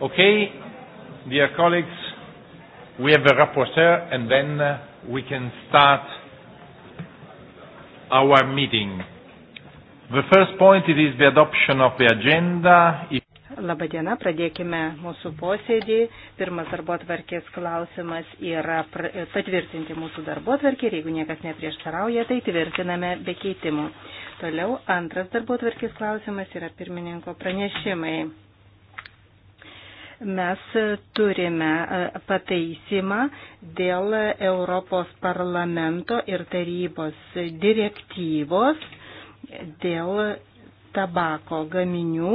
Okay, dear colleagues, we have a rapporteur and then uh, we can start our meeting. The first point it is the adoption of the agenda. If Labadiena, pradėkime mūsų posėdį. Pirmas darbo atvarkės klausimas yra patvirtinti mūsų darbo atvarkį ir jeigu niekas neprieštarauja, tai tvirtiname be keitimų. Toliau antras darbo atvarkės klausimas yra pirmininko pranešimai mes turime e, pataisimą dėl Europos parlamento ir tarybos direktyvos dėl tabako gaminių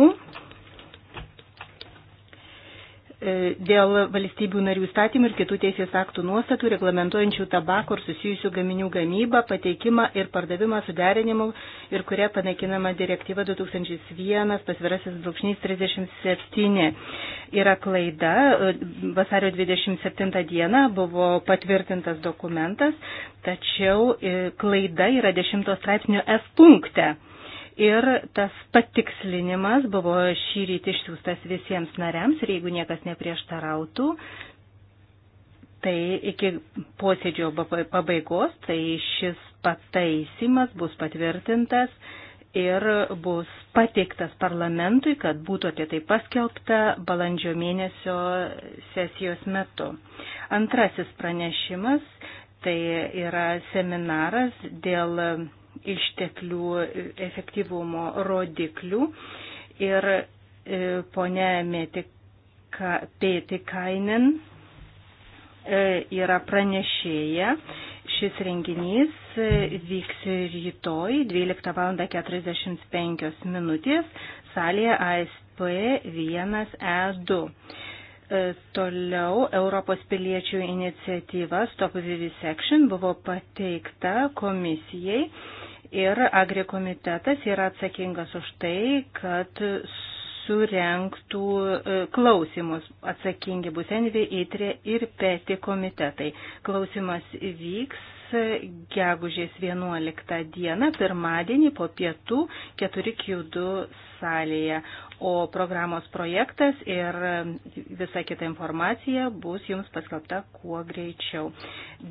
e, dėl valstybių narių statymų ir kitų teisės aktų nuostatų reglamentuojančių tabako ir susijusių gaminių gamybą, pateikimą ir pardavimą suderinimų ir kuria panaikinama direktyva 2001 pasvirasis brūkšnys 37 yra klaida. Vasario 27 dieną buvo patvirtintas dokumentas, tačiau e, klaida yra 10 straipsnio F punkte. Ir tas patikslinimas buvo šį rytį išsiųstas visiems nariams ir jeigu niekas neprieštarautų, tai iki posėdžio pabaigos, tai šis pataisimas bus patvirtintas ir bus pateiktas parlamentui, kad būtų apie tai paskelbta balandžio mėnesio sesijos metu. Antrasis pranešimas tai yra seminaras dėl išteklių efektyvumo rodiklių ir e, ponė Metika Petikainen e, yra pranešėja Šis renginys e, vyks rytoj 12.45 minutės salėje ASP 1E2. E, toliau Europos piliečių iniciatyva Stop Vivisection buvo pateikta komisijai ir agrikomitetas yra atsakingas už tai, kad surenktų e, klausimus. Atsakingi bus Envi, Itrė ir Peti komitetai. Klausimas vyks e, gegužės 11 dieną, pirmadienį po pietų 4Q2 salėje, o programos projektas ir visa kita informacija bus jums paskelbta kuo greičiau.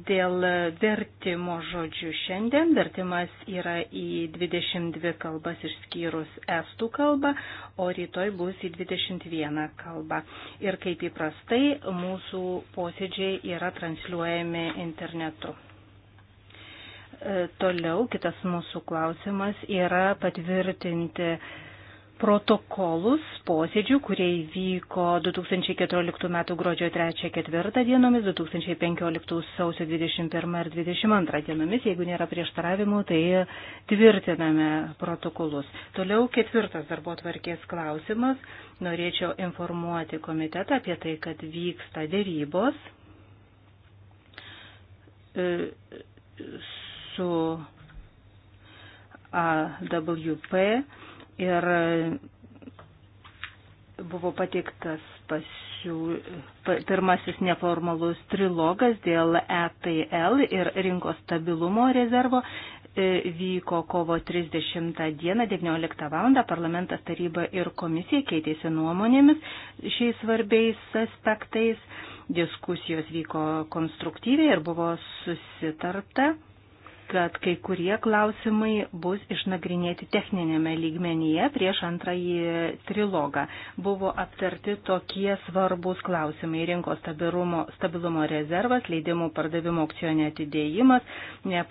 Dėl vertimo žodžių šiandien vertimas yra į 22 kalbas išskyrus estų kalbą, o rytoj bus į 21 kalbą. Ir kaip įprastai, mūsų posėdžiai yra transliuojami internetu. E, toliau kitas mūsų klausimas yra patvirtinti protokolus posėdžių, kurie įvyko 2014 m. gruodžio 3-4 dienomis, 2015 sausio 21 ir 22 dienomis. Jeigu nėra prieštaravimų, tai tvirtiname protokolus. Toliau ketvirtas darbo tvarkės klausimas. Norėčiau informuoti komitetą apie tai, kad vyksta dėrybos e, su AWP ir e, buvo pateiktas pasiū... pirmasis neformalus trilogas dėl EPL ir rinkos stabilumo rezervo. E, vyko kovo 30 dieną 19 val. parlamentas taryba ir komisija keitėsi nuomonėmis šiais svarbiais aspektais. Diskusijos vyko konstruktyviai ir buvo susitarta kad kai kurie klausimai bus išnagrinėti techninėme lygmenyje prieš antrąjį trilogą. Buvo aptarti tokie svarbus klausimai - rinkos stabilumo, stabilumo rezervas, leidimų pardavimo aukcione atidėjimas,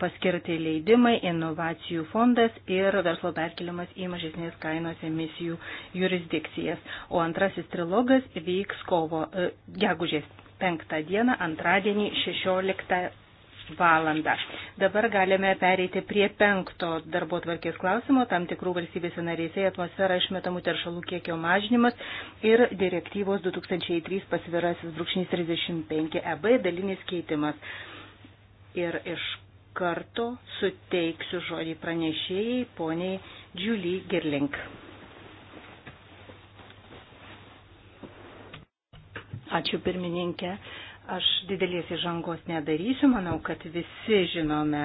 paskirti leidimai, inovacijų fondas ir verslo perkelimas į mažesnės kainos emisijų jurisdikcijas. O antrasis trilogas vyks kovo e, gegužės penktą dieną, antradienį 16 valandą. Dabar galime pereiti prie penkto darbo tvarkės klausimo, tam tikrų valstybėse narėse atmosfera išmetamų teršalų kiekio mažinimas ir direktyvos 2003 pasvirasis brūkšnys 35 EB dalinis keitimas. Ir iš karto suteiksiu žodį pranešėjai poniai Julie Girlink. Ačiū pirmininkė. Aš didelės įžangos nedarysiu, manau, kad visi žinome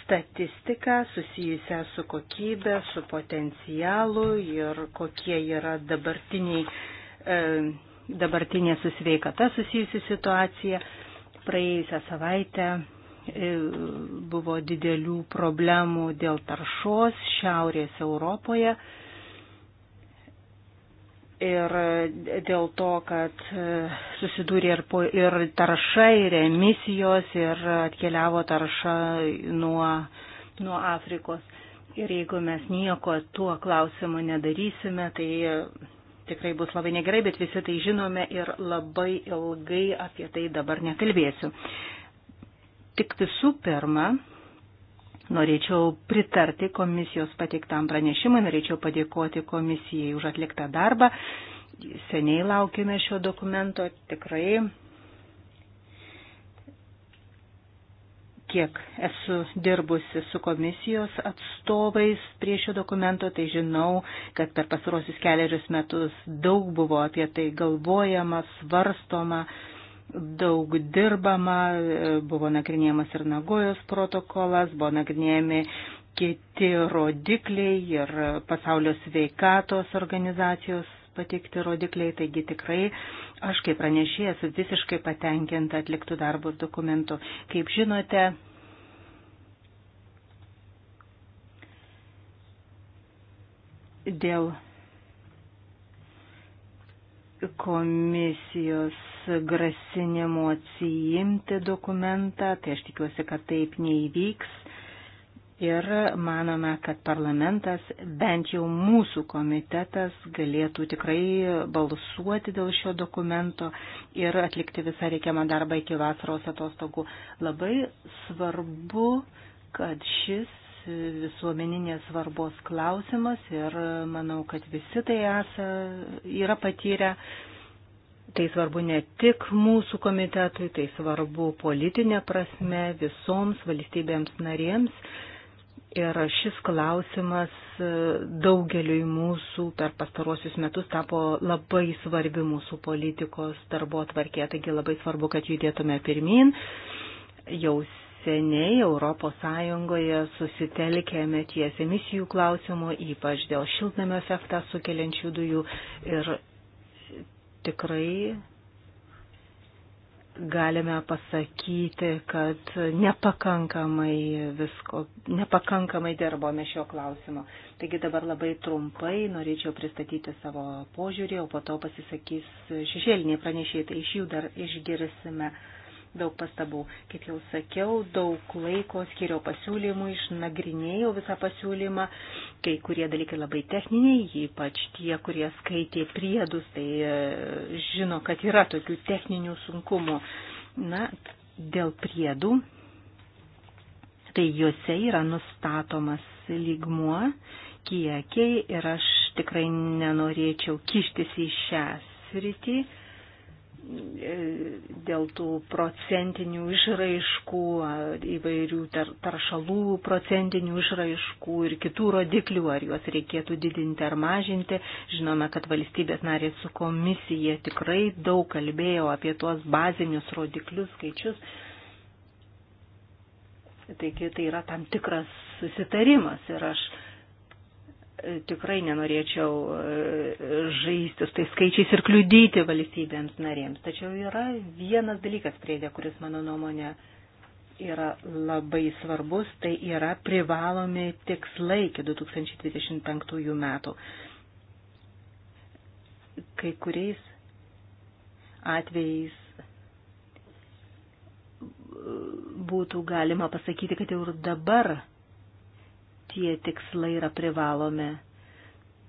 statistiką susijusią su kokybė, su potencialu ir kokie yra dabartiniai, e, dabartinė su sveikata susijusi situacija. Praėjusią savaitę e, buvo didelių problemų dėl taršos Šiaurės Europoje ir dėl to, kad e, susidūrė ir, po, ir tarša, ir emisijos, ir atkeliavo tarša nuo, nuo Afrikos. Ir jeigu mes nieko tuo klausimu nedarysime, tai e, tikrai bus labai negerai, bet visi tai žinome ir labai ilgai apie tai dabar nekalbėsiu. Tik visų pirma, Norėčiau pritarti komisijos pateiktam pranešimui, norėčiau padėkoti komisijai už atliktą darbą. Seniai laukime šio dokumento, tikrai kiek esu dirbusi su komisijos atstovais prie šio dokumento, tai žinau, kad per pasarosius keliarius metus daug buvo apie tai galvojama, svarstoma, daug dirbama, buvo nagrinėjamas ir Nagojos protokolas, buvo nagrinėjami kiti rodikliai ir pasaulio sveikatos organizacijos pateikti rodikliai, taigi tikrai aš kaip pranešėjas visiškai patenkinta atliktų darbų ir dokumentų. Kaip žinote, dėl komisijos grasinimu atsijimti dokumentą, tai aš tikiuosi, kad taip neįvyks. Ir manome, kad parlamentas, bent jau mūsų komitetas, galėtų tikrai balsuoti dėl šio dokumento ir atlikti visą reikiamą darbą iki vasaros atostogų. Labai svarbu, kad šis visuomeninės svarbos klausimas ir manau, kad visi tai esą yra patyrę Tai svarbu ne tik mūsų komitetui, tai svarbu politinė prasme visoms valstybėms narėms. Ir šis klausimas e, daugeliui mūsų per pastarosius metus tapo labai svarbi mūsų politikos darbo atvarkė. Taigi labai svarbu, kad judėtume pirmin. Jau seniai ES susitelkėme ties emisijų klausimu, ypač dėl šiltnamio efektą sukeliančių dujų. Ir tikrai galime pasakyti, kad nepakankamai visko, nepakankamai dirbome šio klausimo. Taigi dabar labai trumpai norėčiau pristatyti savo požiūrį, o po to pasisakys šešėliniai pranešėjai, tai iš jų dar išgirsime daug pastabų. Kaip jau sakiau, daug laiko skiriau pasiūlymui, išnagrinėjau visą pasiūlymą. Kai kurie dalykai labai techniniai, ypač tie, kurie skaitė priedus, tai e, žino, kad yra tokių techninių sunkumų. Na, dėl priedų, tai juose yra nustatomas lygmuo, kiekiai ir aš tikrai nenorėčiau kištis į šią sritį dėl tų procentinių išraiškų, įvairių taršalų procentinių išraiškų ir kitų rodiklių, ar juos reikėtų didinti ar mažinti. Žinome, kad valstybės narė su komisija tikrai daug kalbėjo apie tuos bazinius rodiklius, skaičius. Taigi tai yra tam tikras susitarimas ir aš tikrai nenorėčiau e, žaisti su tais skaičiais ir kliudyti valstybėms narėms. Tačiau yra vienas dalykas priedė, kuris mano nuomonė yra labai svarbus, tai yra privalomi tikslai iki 2025 metų. Kai kuriais atvejais būtų galima pasakyti, kad jau ir dabar tie tikslai yra privalomi.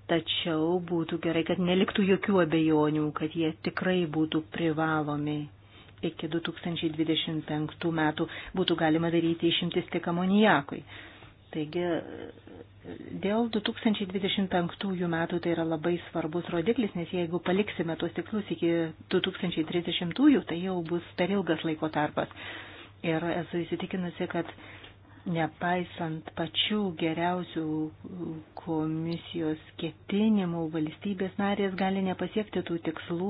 Tačiau būtų gerai, kad neliktų jokių abejonių, kad jie tikrai būtų privalomi. Iki 2025 metų būtų galima daryti išimtis tik amonijakui. Taigi dėl 2025 metų tai yra labai svarbus rodiklis, nes jeigu paliksime tuos tikslus iki 2030, tai jau bus per ilgas laiko tarpas. Ir esu įsitikinusi, kad nepaisant pačių geriausių komisijos ketinimų, valstybės narės gali nepasiekti tų tikslų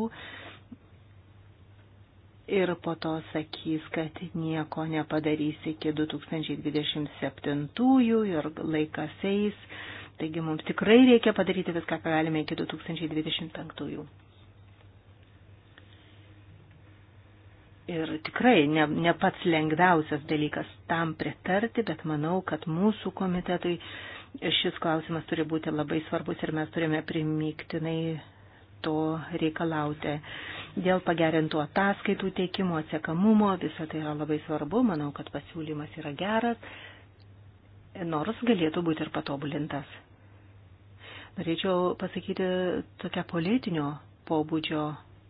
ir po to sakys, kad nieko nepadarys iki 2027-ųjų ir laikas eis. Taigi mums tikrai reikia padaryti viską, ką galime iki 2025-ųjų. ir tikrai ne, ne pats lengviausias dalykas tam pritarti, bet manau, kad mūsų komitetui šis klausimas turi būti labai svarbus ir mes turime primiktinai to reikalauti. Dėl pagerintų ataskaitų teikimo, atsiekamumo, visą tai yra labai svarbu, manau, kad pasiūlymas yra geras, nors galėtų būti ir patobulintas. Norėčiau pasakyti tokią politinio pobūdžio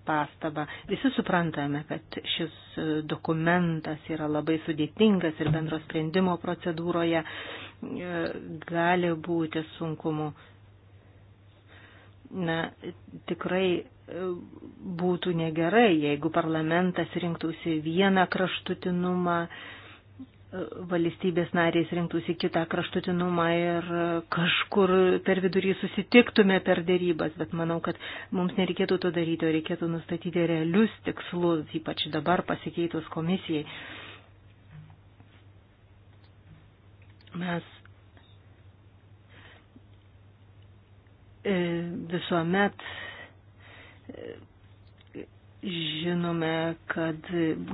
pastabą. Visi suprantame, kad šis e, dokumentas yra labai sudėtingas ir bendro sprendimo procedūroje e, gali būti sunkumų. Na, tikrai e, būtų negerai, jeigu parlamentas rinktųsi vieną kraštutinumą valstybės narės rinktųsi kitą kraštutinumą ir kažkur per vidurį susitiktume per dėrybas, bet manau, kad mums nereikėtų to daryti, o reikėtų nustatyti realius tikslus, ypač dabar pasikeitus komisijai. Mes e, visuomet e, Žinome, kad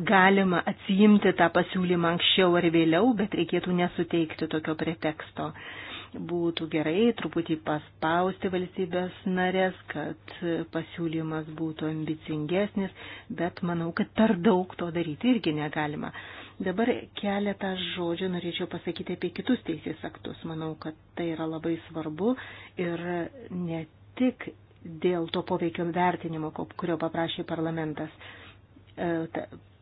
galima atsijimti tą pasiūlymą anksčiau ar vėliau, bet reikėtų nesuteikti tokio preteksto. Būtų gerai truputį paspausti valstybės narės, kad pasiūlymas būtų ambicingesnis, bet manau, kad per daug to daryti irgi negalima. Dabar keletą žodžių norėčiau pasakyti apie kitus teisės aktus. Manau, kad tai yra labai svarbu ir ne tik dėl to poveikio vertinimo, kurio paprašė parlamentas. E,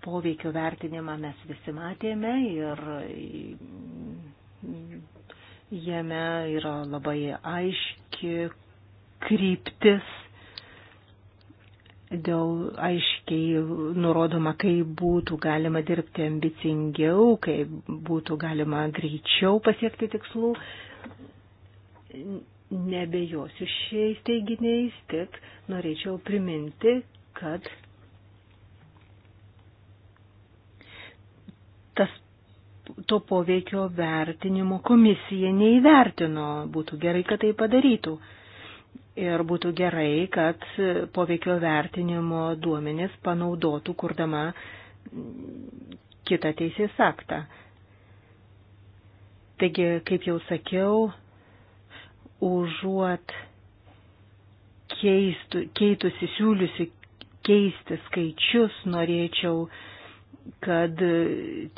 poveikio vertinimą mes visi matėme ir mm, jame yra labai aiški kryptis dėl aiškiai nurodoma, kaip būtų galima dirbti ambicingiau, kaip būtų galima greičiau pasiekti tikslų nebejosiu šiais teiginiais, tik norėčiau priminti, kad tas to poveikio vertinimo komisija neįvertino. Būtų gerai, kad tai padarytų. Ir būtų gerai, kad poveikio vertinimo duomenis panaudotų, kurdama kitą teisės aktą. Taigi, kaip jau sakiau, užuot keistų, keitusi, siūliusi keisti skaičius, norėčiau, kad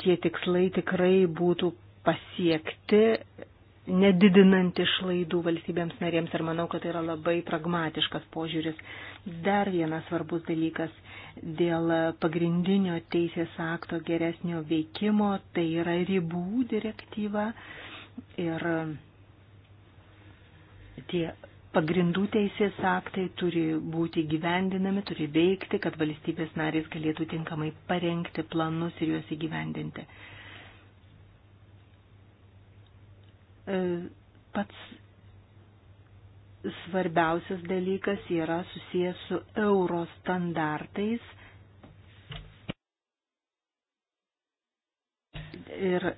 tie tikslai tikrai būtų pasiekti, nedidinant išlaidų valstybėms narėms ir manau, kad tai yra labai pragmatiškas požiūris. Dar vienas svarbus dalykas dėl pagrindinio teisės akto geresnio veikimo, tai yra ribų direktyva ir tie pagrindų teisės aktai turi būti gyvendinami, turi veikti, kad valstybės narės galėtų tinkamai parengti planus ir juos įgyvendinti. E, pats svarbiausias dalykas yra susijęs su euro standartais ir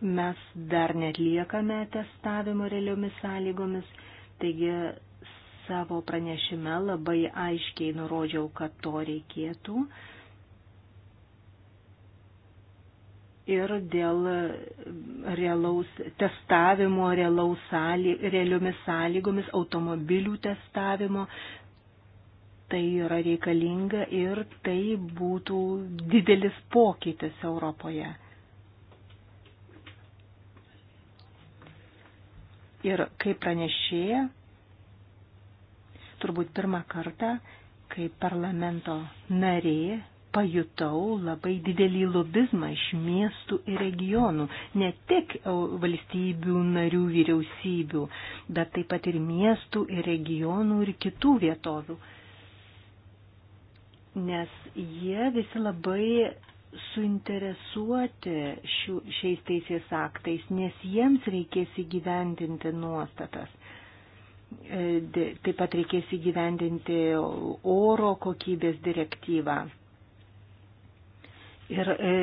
Mes dar netliekame testavimo realiomis sąlygomis, taigi savo pranešime labai aiškiai nurodžiau, kad to reikėtų. ir dėl realaus testavimo, realaus sąly, realiomis sąlygomis, automobilių testavimo. Tai yra reikalinga ir tai būtų didelis pokytis Europoje. Ir kaip pranešėja, turbūt pirmą kartą, kaip parlamento narė, pajutau labai didelį lobizmą iš miestų ir regionų, ne tik valstybių narių vyriausybių, bet taip pat ir miestų ir regionų ir kitų vietovių. Nes jie visi labai suinteresuoti šių, šiais teisės aktais, nes jiems reikės įgyvendinti nuostatas. E, taip pat reikės įgyvendinti oro kokybės direktyvą. Ir e,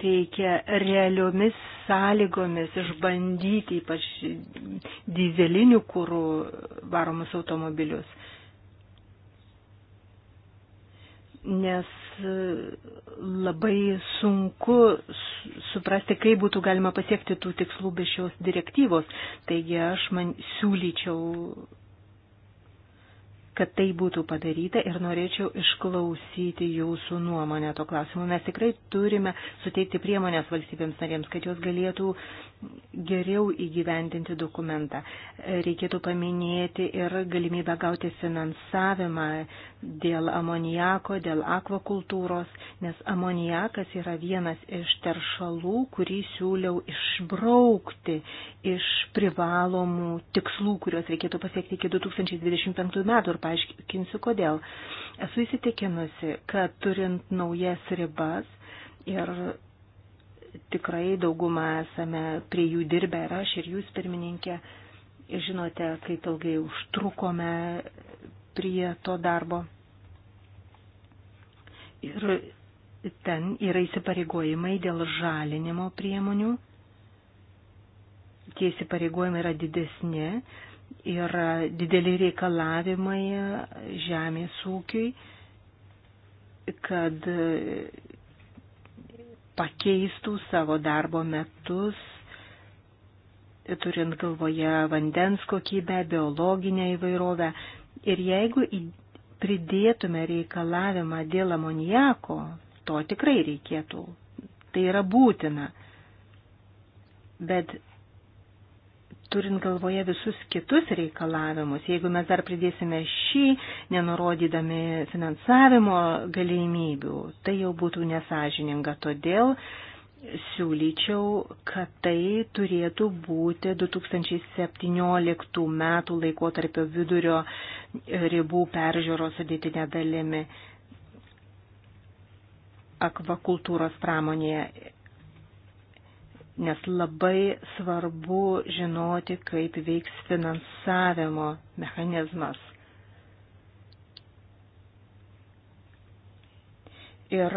reikia realiomis sąlygomis išbandyti ypač dizelinių kūrų varomus automobilius. nes e, labai sunku suprasti, kaip būtų galima pasiekti tų tikslų be šios direktyvos. Taigi aš man siūlyčiau, kad tai būtų padaryta ir norėčiau išklausyti jūsų nuomonę to klausimu. Mes tikrai turime suteikti priemonės valstybėms narėms, kad jos galėtų geriau įgyvendinti dokumentą. Reikėtų paminėti ir galimybę gauti finansavimą dėl amonijako, dėl akvakultūros, nes amonijakas yra vienas iš teršalų, kurį siūliau išbraukti iš privalomų tikslų, kuriuos reikėtų pasiekti iki 2025 metų ir paaiškinsiu kodėl. Esu įsitikinusi, kad turint naujas ribas, ir tikrai daugumą esame prie jų dirbę ir aš, ir jūs, pirmininkė. Ir žinote, kaip ilgai užtrukome prie to darbo. Ir ten yra įsipareigojimai dėl žalinimo priemonių. Tie įsipareigojimai yra didesni, yra dideli reikalavimai žemės ūkiui, kad pakeistų savo darbo metus, turint galvoje vandens kokybę, biologinę įvairovę. Ir jeigu pridėtume reikalavimą dėl amoniako, to tikrai reikėtų. Tai yra būtina. Bet turint galvoje visus kitus reikalavimus, jeigu mes dar pridėsime šį, nenurodydami finansavimo galimybių, tai jau būtų nesažininga. Todėl siūlyčiau, kad tai turėtų būti 2017 metų laikotarpio vidurio ribų peržiūros sudėtinė dalimi akvakultūros pramonėje nes labai svarbu žinoti, kaip veiks finansavimo mechanizmas. Ir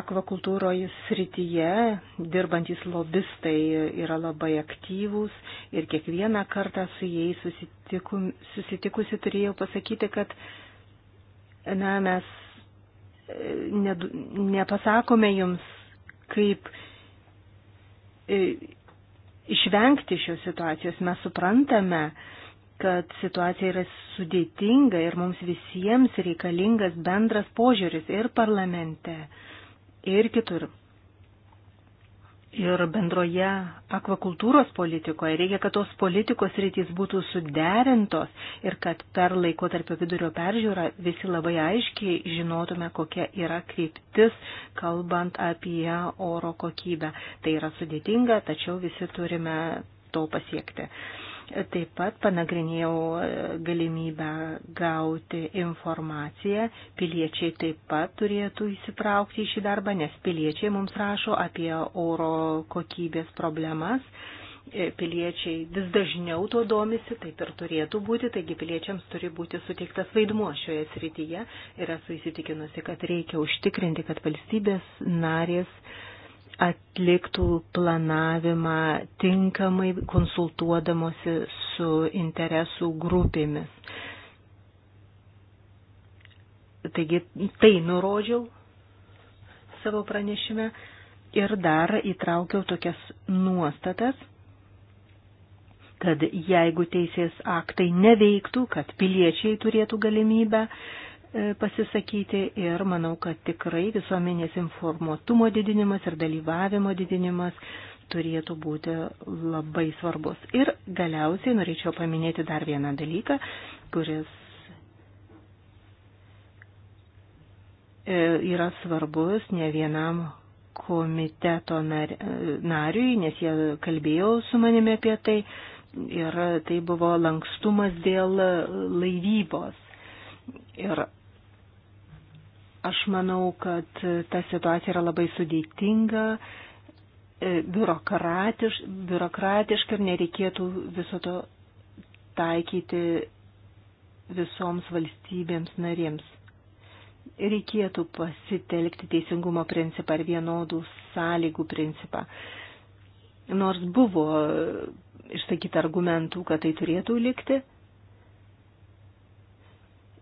akvakultūroje srityje dirbantys lobistai yra labai aktyvūs ir kiekvieną kartą su jais susitiku, susitikusi turėjau pasakyti, kad na, mes e, ne, nepasakome jums, kaip E, išvengti šios situacijos. Mes suprantame, kad situacija yra sudėtinga ir mums visiems reikalingas bendras požiūris ir parlamente, ir kitur ir bendroje akvakultūros politikoje. Reikia, kad tos politikos rytis būtų suderintos ir kad per laiko tarp vidurio peržiūrą visi labai aiškiai žinotume, kokia yra kryptis, kalbant apie oro kokybę. Tai yra sudėtinga, tačiau visi turime to pasiekti. Taip pat panagrinėjau e, galimybę gauti informaciją. Piliečiai taip pat turėtų įsitraukti į šį darbą, nes piliečiai mums rašo apie oro kokybės problemas. E, piliečiai vis dažniau tuo domisi, taip ir turėtų būti, taigi piliečiams turi būti suteiktas vaidmuo šioje srityje ir esu įsitikinusi, kad reikia užtikrinti, kad valstybės narės uh, atliktų planavimą tinkamai konsultuodamosi su interesų grupėmis. Taigi tai nurodžiau savo pranešime ir dar įtraukiau tokias nuostatas, kad jeigu teisės aktai neveiktų, kad piliečiai turėtų galimybę uh, E, pasisakyti ir manau, kad tikrai visuomenės informuotumo didinimas ir dalyvavimo didinimas turėtų būti labai svarbus. Ir galiausiai norėčiau paminėti dar vieną dalyką, kuris e, yra svarbus ne vienam komiteto nariui, nes jie kalbėjo su manimi apie tai ir tai buvo lankstumas dėl laivybos. Ir Aš manau, kad ta situacija yra labai sudėtinga, e, biurokratiš, biurokratiška ir nereikėtų viso to taikyti visoms valstybėms narėms. Reikėtų pasitelkti teisingumo principą ir vienodų sąlygų principą. Nors buvo išsakyti argumentų, kad tai turėtų likti,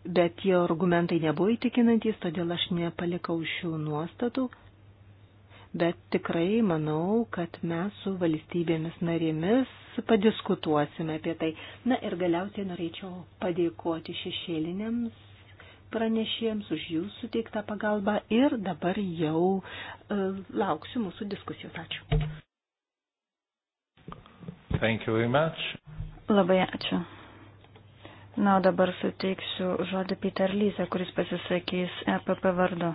bet tie argumentai nebuvo įtikinantys, todėl aš nepalikau šių nuostatų, bet tikrai manau, kad mes su valstybėmis narėmis padiskutuosime apie tai. Na ir galiausiai norėčiau padėkoti šešėliniams pranešėjams už jų suteiktą pagalbą ir dabar jau e, lauksiu mūsų diskusijos. Ačiū. Thank you very much. Labai ačiū. Na, o dabar suteiksiu žodį Peter Lyse, kuris pasisakys EPP vardu.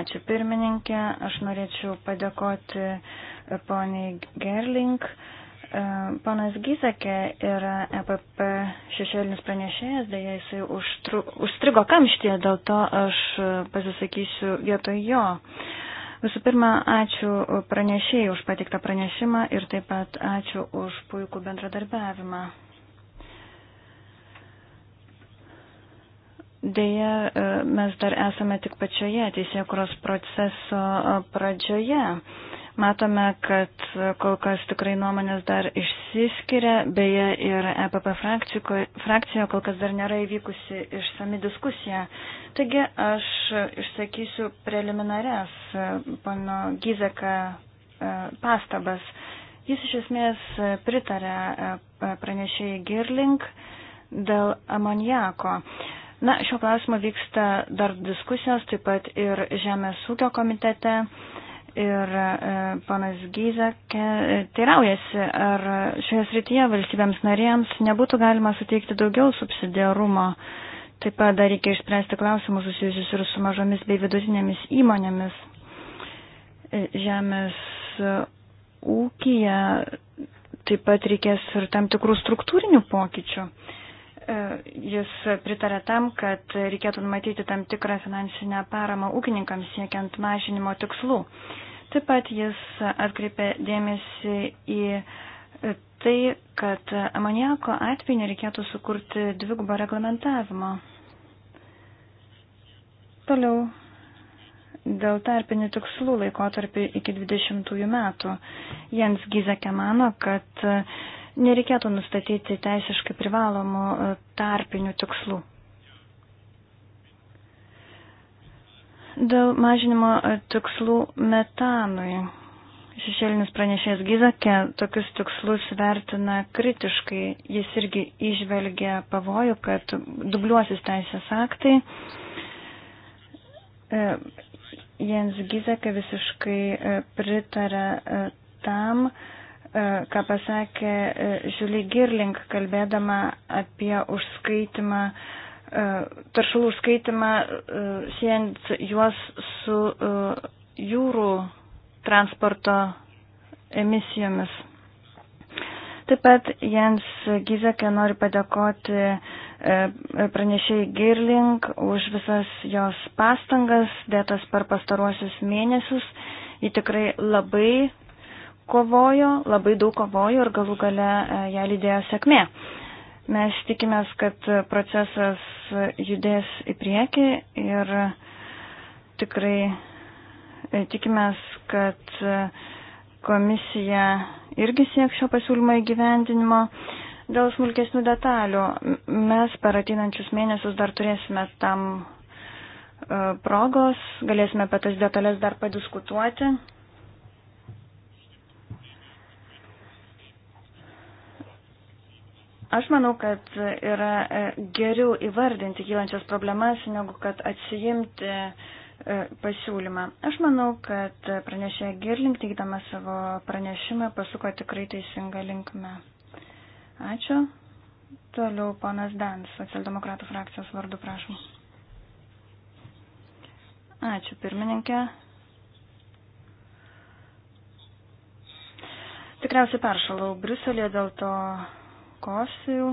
Ačiū pirmininkė, aš norėčiau padėkoti poniai Gerling. E, ponas Gysakė yra EPP šešėlinis pranešėjas, dėja jisai užtru, užstrigo kamštyje, dėl to aš pasisakysiu vietoj jo. Visų pirma, ačiū pranešėjai už patiktą pranešimą ir taip pat ačiū už puikų bendradarbiavimą. Deja, e, mes dar esame tik pačioje teisėkuros proceso e, pradžioje. Matome, kad kol kas tikrai nuomonės dar išsiskiria, beje, ir EPP frakcijoje kol kas dar nėra įvykusi išsami diskusija. Taigi aš išsakysiu preliminarias e, pono Gizeka pastabas. Jis iš esmės pritarė pranešėjai Girling dėl amoniako. Na, šio klausimo vyksta dar diskusijos, taip pat ir Žemės ūkio komitete. Ir e, panas Gyzakė e, teiraujasi, ar šioje srityje valstybėms narėms nebūtų galima suteikti daugiau subsidiarumo. Taip pat dar reikia išspręsti klausimus susijusius ir su mažomis bei vidutinėmis įmonėmis. E, žemės ūkija taip pat reikės ir tam tikrų struktūrinių pokyčių. E, Jis pritarė tam, kad reikėtų numatyti tam tikrą finansinę paramą ūkininkams siekiant mažinimo tikslų. Taip pat jis atkreipė dėmesį į tai, kad amoniako atveju nereikėtų sukurti dvigubo reglamentavimo. Toliau dėl tarpinių tikslų laikotarpį iki 20 metų. Jens Gizekė mano, kad Nereikėtų nustatyti teisiškai privalomų e, tarpinių tikslų. Dėl mažinimo e, tikslų metanui. Šešėlinis pranešėjas Gizakė tokius tikslus vertina kritiškai. Jis irgi išvelgia pavojų, kad dubliuosis teisės aktai. E, Jens Gizakė visiškai pritarė tam, E, ką pasakė e, Žiulė Girling, kalbėdama apie užskaitimą, e, taršalų užskaitimą, siejant juos su jūrų transporto emisijomis. Taip pat Jens Gizekė nori padėkoti pranešėjai Girling už visas jos pastangas dėtas per pastaruosius mėnesius. Ji tikrai labai kovojo, labai daug kovojo ir galų gale e, ją lydėjo sėkmė. Mes tikimės, kad procesas judės į priekį ir tikrai e, tikimės, kad e, komisija irgi sieks šio pasiūlymo įgyvendinimo. Dėl smulkesnių detalių mes per ateinančius mėnesius dar turėsime tam progos, galėsime apie tas detalės dar padiskutuoti. Aš manau, kad yra e, geriau įvardinti kylančias problemas, negu kad atsijimti e, pasiūlymą. Aš manau, kad pranešė Girling, teikdama savo pranešimą, pasuko tikrai teisingą linkmę. Ačiū. Toliau ponas Dans, socialdemokratų frakcijos vardu, prašom. Ačiū, pirmininkė. Tikriausiai peršalau Briuselėje, dėl to Kosijų.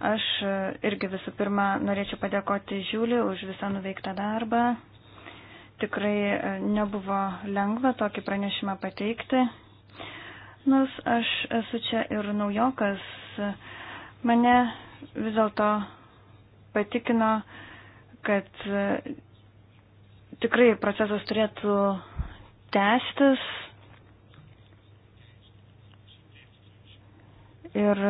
Aš e, irgi visų pirma norėčiau padėkoti Žiūliu už visą nuveiktą darbą. Tikrai e, nebuvo lengva tokį pranešimą pateikti. Nors aš esu čia ir naujokas, e, mane vis dėlto patikino, kad tikrai procesas turėtų tęstis. Ir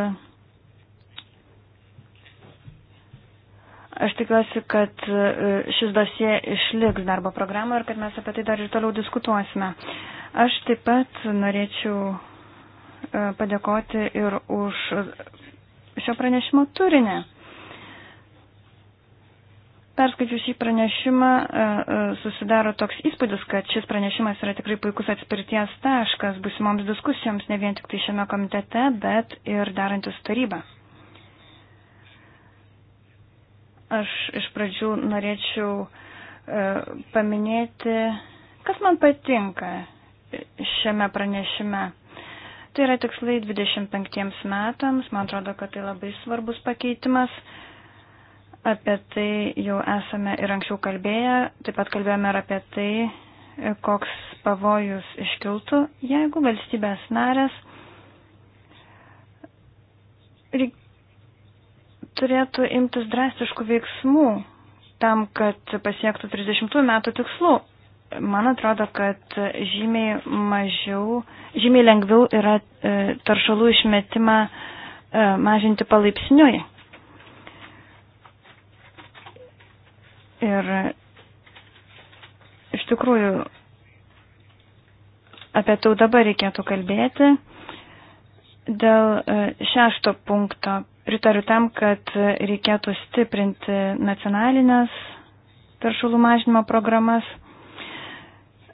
Aš tikiuosi, kad e, šis dosie išliks darbo programą ir kad mes apie tai dar ir toliau diskutuosime. Aš taip pat norėčiau e, padėkoti ir už šio pranešimo turinę. Perskaičius šį pranešimą e, susidaro toks įspūdis, kad šis pranešimas yra tikrai puikus atspirties taškas busimoms diskusijoms ne vien tik tai šiame komitete, bet ir darantis tarybą. Aš iš pradžių norėčiau e, paminėti, kas man patinka šiame pranešime. Tai yra tikslai 25 metams, man atrodo, kad tai labai svarbus pakeitimas. Apie tai jau esame ir anksčiau kalbėję, taip pat kalbėjome ir apie tai, e, koks pavojus iškiltų, jeigu valstybės narės turėtų imtis drastiškų veiksmų tam, kad pasiektų 30 metų tikslų. Man atrodo, kad žymiai mažiau, žymiai lengviau yra e, taršalų išmetimą e, mažinti palaipsniui. Ir iš tikrųjų apie tai dabar reikėtų kalbėti. Dėl e, šešto punkto pritariu tam, kad reikėtų stiprinti nacionalinės taršalų mažinimo programas.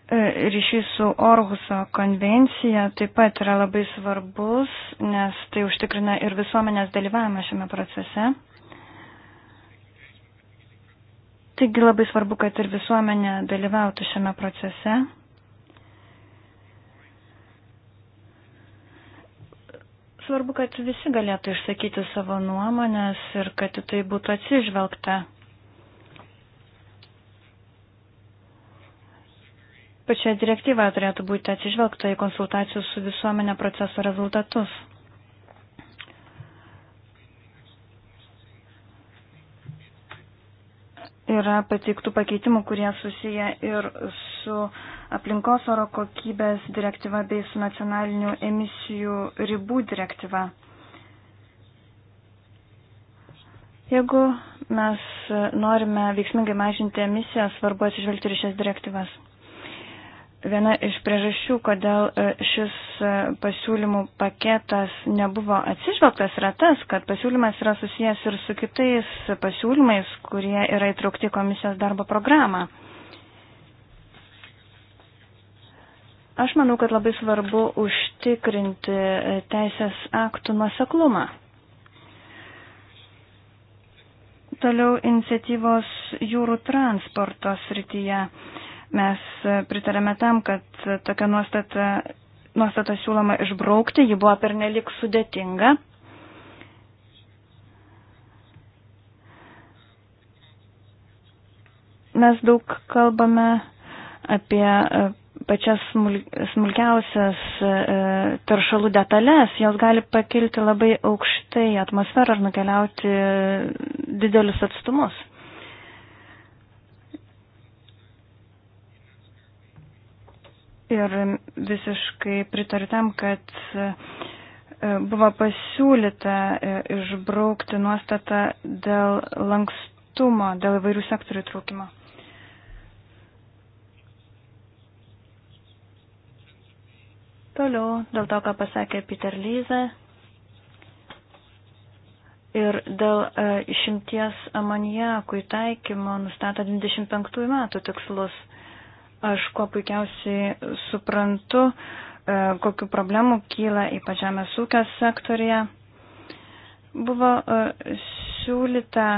E, ryšys su Orhuso konvencija taip pat yra labai svarbus, nes tai užtikrina ir visuomenės dalyvavimą šiame procese. Taigi labai svarbu, kad ir visuomenė dalyvautų šiame procese. Svarbu, kad visi galėtų išsakyti savo nuomonės ir kad į tai būtų atsižvelgta. Pačioje direktyvoje turėtų būti atsižvelgta į konsultacijų su visuomenė proceso rezultatus. Yra pateiktų pakeitimų, kurie susiję ir su uh, aplinkos oro kokybės direktyva bei su nacionaliniu emisijų ribų direktyva. Jeigu mes norime veiksmingai mažinti emisijas, svarbu atsižvelgti ir šias direktyvas. Viena iš priežasčių, kodėl e, šis e, pasiūlymų paketas nebuvo atsižvelgtas, yra tas, kad pasiūlymas yra susijęs ir su kitais pasiūlymais, kurie yra įtraukti komisijos darbo programą. Aš manau, kad labai svarbu užtikrinti teisės aktų nuoseklumą. Toliau iniciatyvos jūrų transporto srityje. Mes pritarėme tam, kad tokia nuostata, nuostata siūloma išbraukti, ji buvo pernelik sudėtinga. Mes daug kalbame apie pačias smulkiausias e, taršalų detalės, jos gali pakilti labai aukštai atmosferą ar nukeliauti didelius atstumus. Ir visiškai pritariu tam, kad e, buvo pasiūlyta e, išbraukti nuostatą dėl lankstumo, dėl įvairių sektorių trūkimo. Toliau, dėl to, ką pasakė Peter Lyze ir dėl e, išimties amonijakui taikymo nustato 25 metų tikslus. Aš kuo puikiausiai suprantu, e, kokiu problemu kyla ypač žemės ūkio sektorija. Buvo e, siūlyta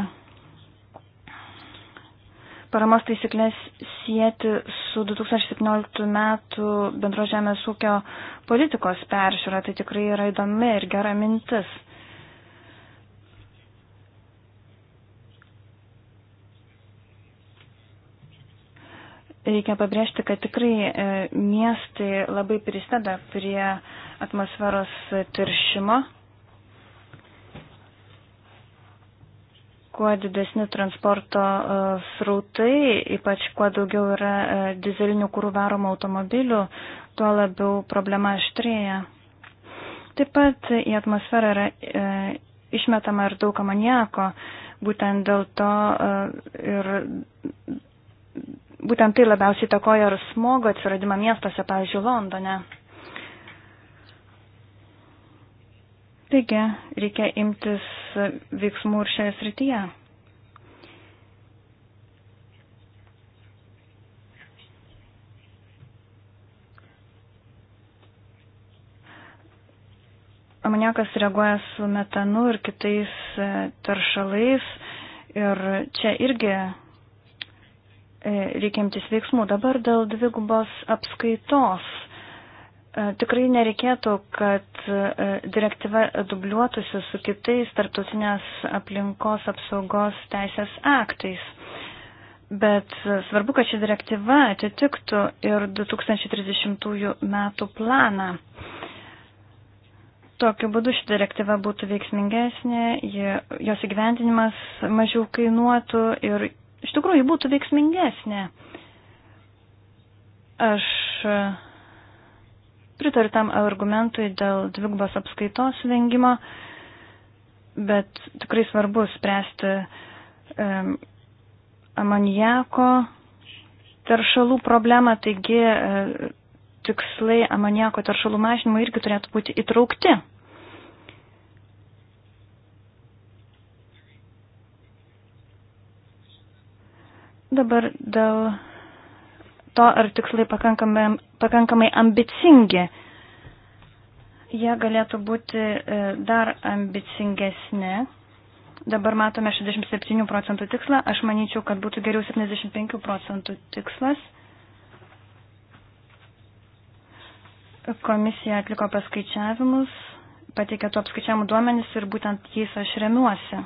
paramos taisyklės sieti su 2017 metų bendro žemės ūkio politikos peržiūra. Tai tikrai yra įdomi ir gera mintis. Reikia pabrėžti, kad tikrai e, miestai labai prisideda prie atmosferos tiršimo kuo didesni transporto e, srautai, ypač kuo daugiau yra e, dizelinių kūrų varomų automobilių, tuo labiau problema aštrėja. Taip pat į atmosferą yra e, išmetama ir daug amoniako, būtent dėl to ir būtent tai labiausiai takoja ir smogo atsiradimą miestuose, pavyzdžiui, Londone. Taigi reikia imtis veiksmų ir šioje srityje. Amoniakas reaguoja su metanu ir kitais e, taršalais ir čia irgi e, reikiamtis veiksmų. Dabar dėl dvigubos apskaitos E, tikrai nereikėtų, kad e, direktyva dubliuotųsi su kitais tarptautinės aplinkos apsaugos teisės aktais. Bet svarbu, kad ši direktyva atitiktų ir 2030 metų planą. Tokiu būdu ši direktyva būtų veiksmingesnė, jos įgyvendinimas mažiau kainuotų ir iš tikrųjų būtų veiksmingesnė. Aš Pritariu tam argumentui dėl dvigubos apskaitos vengimo, bet tikrai svarbu spręsti um, amoniako teršalų problemą, taigi uh, tikslai amoniako teršalų mažinimo irgi turėtų būti įtraukti. Dabar dėl to, ar tikslai pakankamai, pakankamai ambicingi. Jie galėtų būti e, dar ambicingesni. Dabar matome 67 procentų tikslą. Aš manyčiau, kad būtų geriau 75 procentų tikslas. Komisija atliko paskaičiavimus, pateikė tų apskaičiavimų duomenis ir būtent jais aš remiuosi.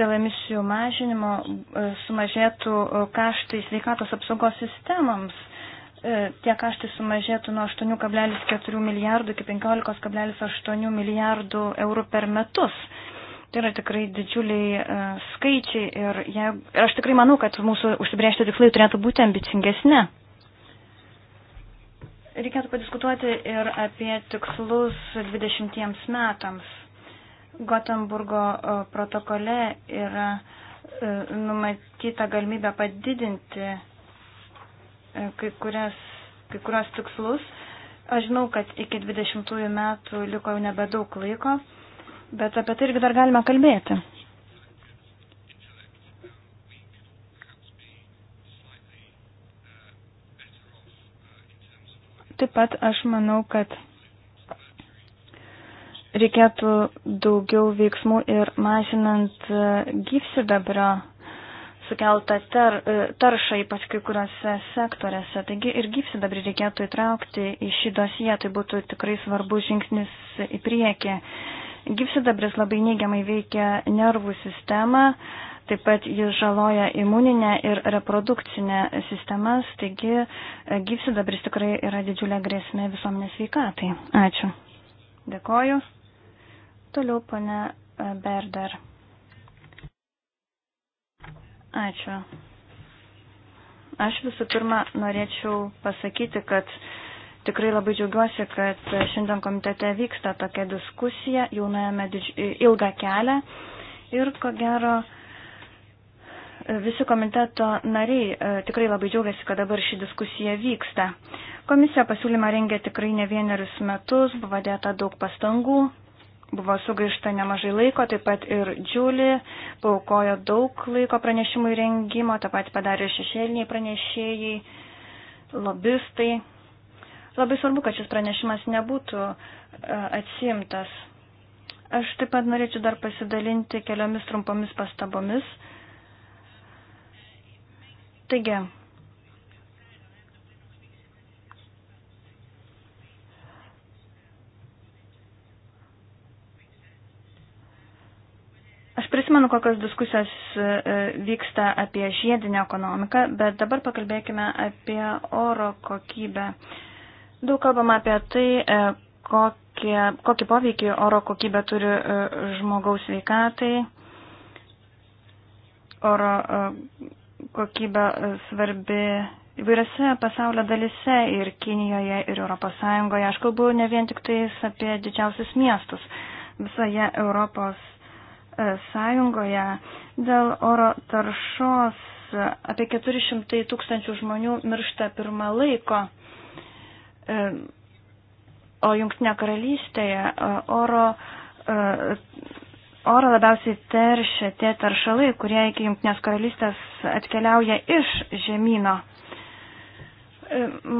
dėl emisijų mažinimo e, sumažėtų e, kaštai sveikatos apsaugos sistemams. E, tie kaštai sumažėtų nuo 8,4 milijardų iki 15,8 milijardų eurų per metus. Tai yra tikrai didžiuliai skaičiai ir, jeigu, ir aš tikrai manau, kad mūsų užsibriežti tikslai turėtų būti ambicingesni. Reikėtų padiskutuoti ir apie tikslus 20 metams Gotenburgo e, protokole yra e, numatyta galimybė padidinti e, kai, kurias, kai kurios tikslus. Aš žinau, kad iki 20 metų liko jau nebedaug laiko, bet apie tai irgi dar galime kalbėti. Taip pat aš manau, kad reikėtų daugiau veiksmų ir mažinant e, gyvsidabrio sukeltą tar, e, taršą, ypač kai kuriuose sektoriuose. Taigi ir gyvsidabrį reikėtų įtraukti į šį dosiją, tai būtų tikrai svarbus žingsnis į priekį. Gyvsidabris labai neigiamai veikia nervų sistemą, taip pat jis žaloja imuninę ir reprodukcinę sistemas, taigi e, gyvsidabris tikrai yra didžiulė grėsmė visuomenės veikatai. Ačiū. Dėkoju. Toliau pane Berder. Ačiū. Aš visų pirma norėčiau pasakyti, kad tikrai labai džiaugiuosi, kad šiandien komitete vyksta tokia diskusija, jau nuėjome didž... ilgą kelią ir ko gero visi komiteto nariai e, tikrai labai džiaugiasi, kad dabar ši diskusija vyksta. Komisija pasiūlymą rengė tikrai ne vienerius metus, buvo dėta daug pastangų, buvo sugaišta nemažai laiko, taip pat ir Džiulį paukojo daug laiko pranešimų įrengimo, tą patį padarė šešėliniai pranešėjai, lobistai. Labai svarbu, kad šis pranešimas nebūtų e, atsimtas. Aš taip pat norėčiau dar pasidalinti keliomis trumpomis pastabomis. Taigi, prisimenu, kokios diskusijos e, e, vyksta apie žiedinę ekonomiką, bet dabar pakalbėkime apie oro kokybę. Daug kalbama apie tai, e, kokie, kokį poveikį oro kokybė turi žmogaus veikatai. Oro kokybė svarbi įvairiose pasaulio dalise ir Kinijoje, ir Europos Sąjungoje. Aš kalbu ne vien tik tais apie didžiausius miestus. Visoje Europos E, sąjungoje dėl oro taršos apie 400 tūkstančių žmonių miršta pirmą laiko. E, o Junktinė karalystėje e, oro, oro labiausiai teršia tie taršalai, kurie iki Junktinės karalystės atkeliauja iš žemyno.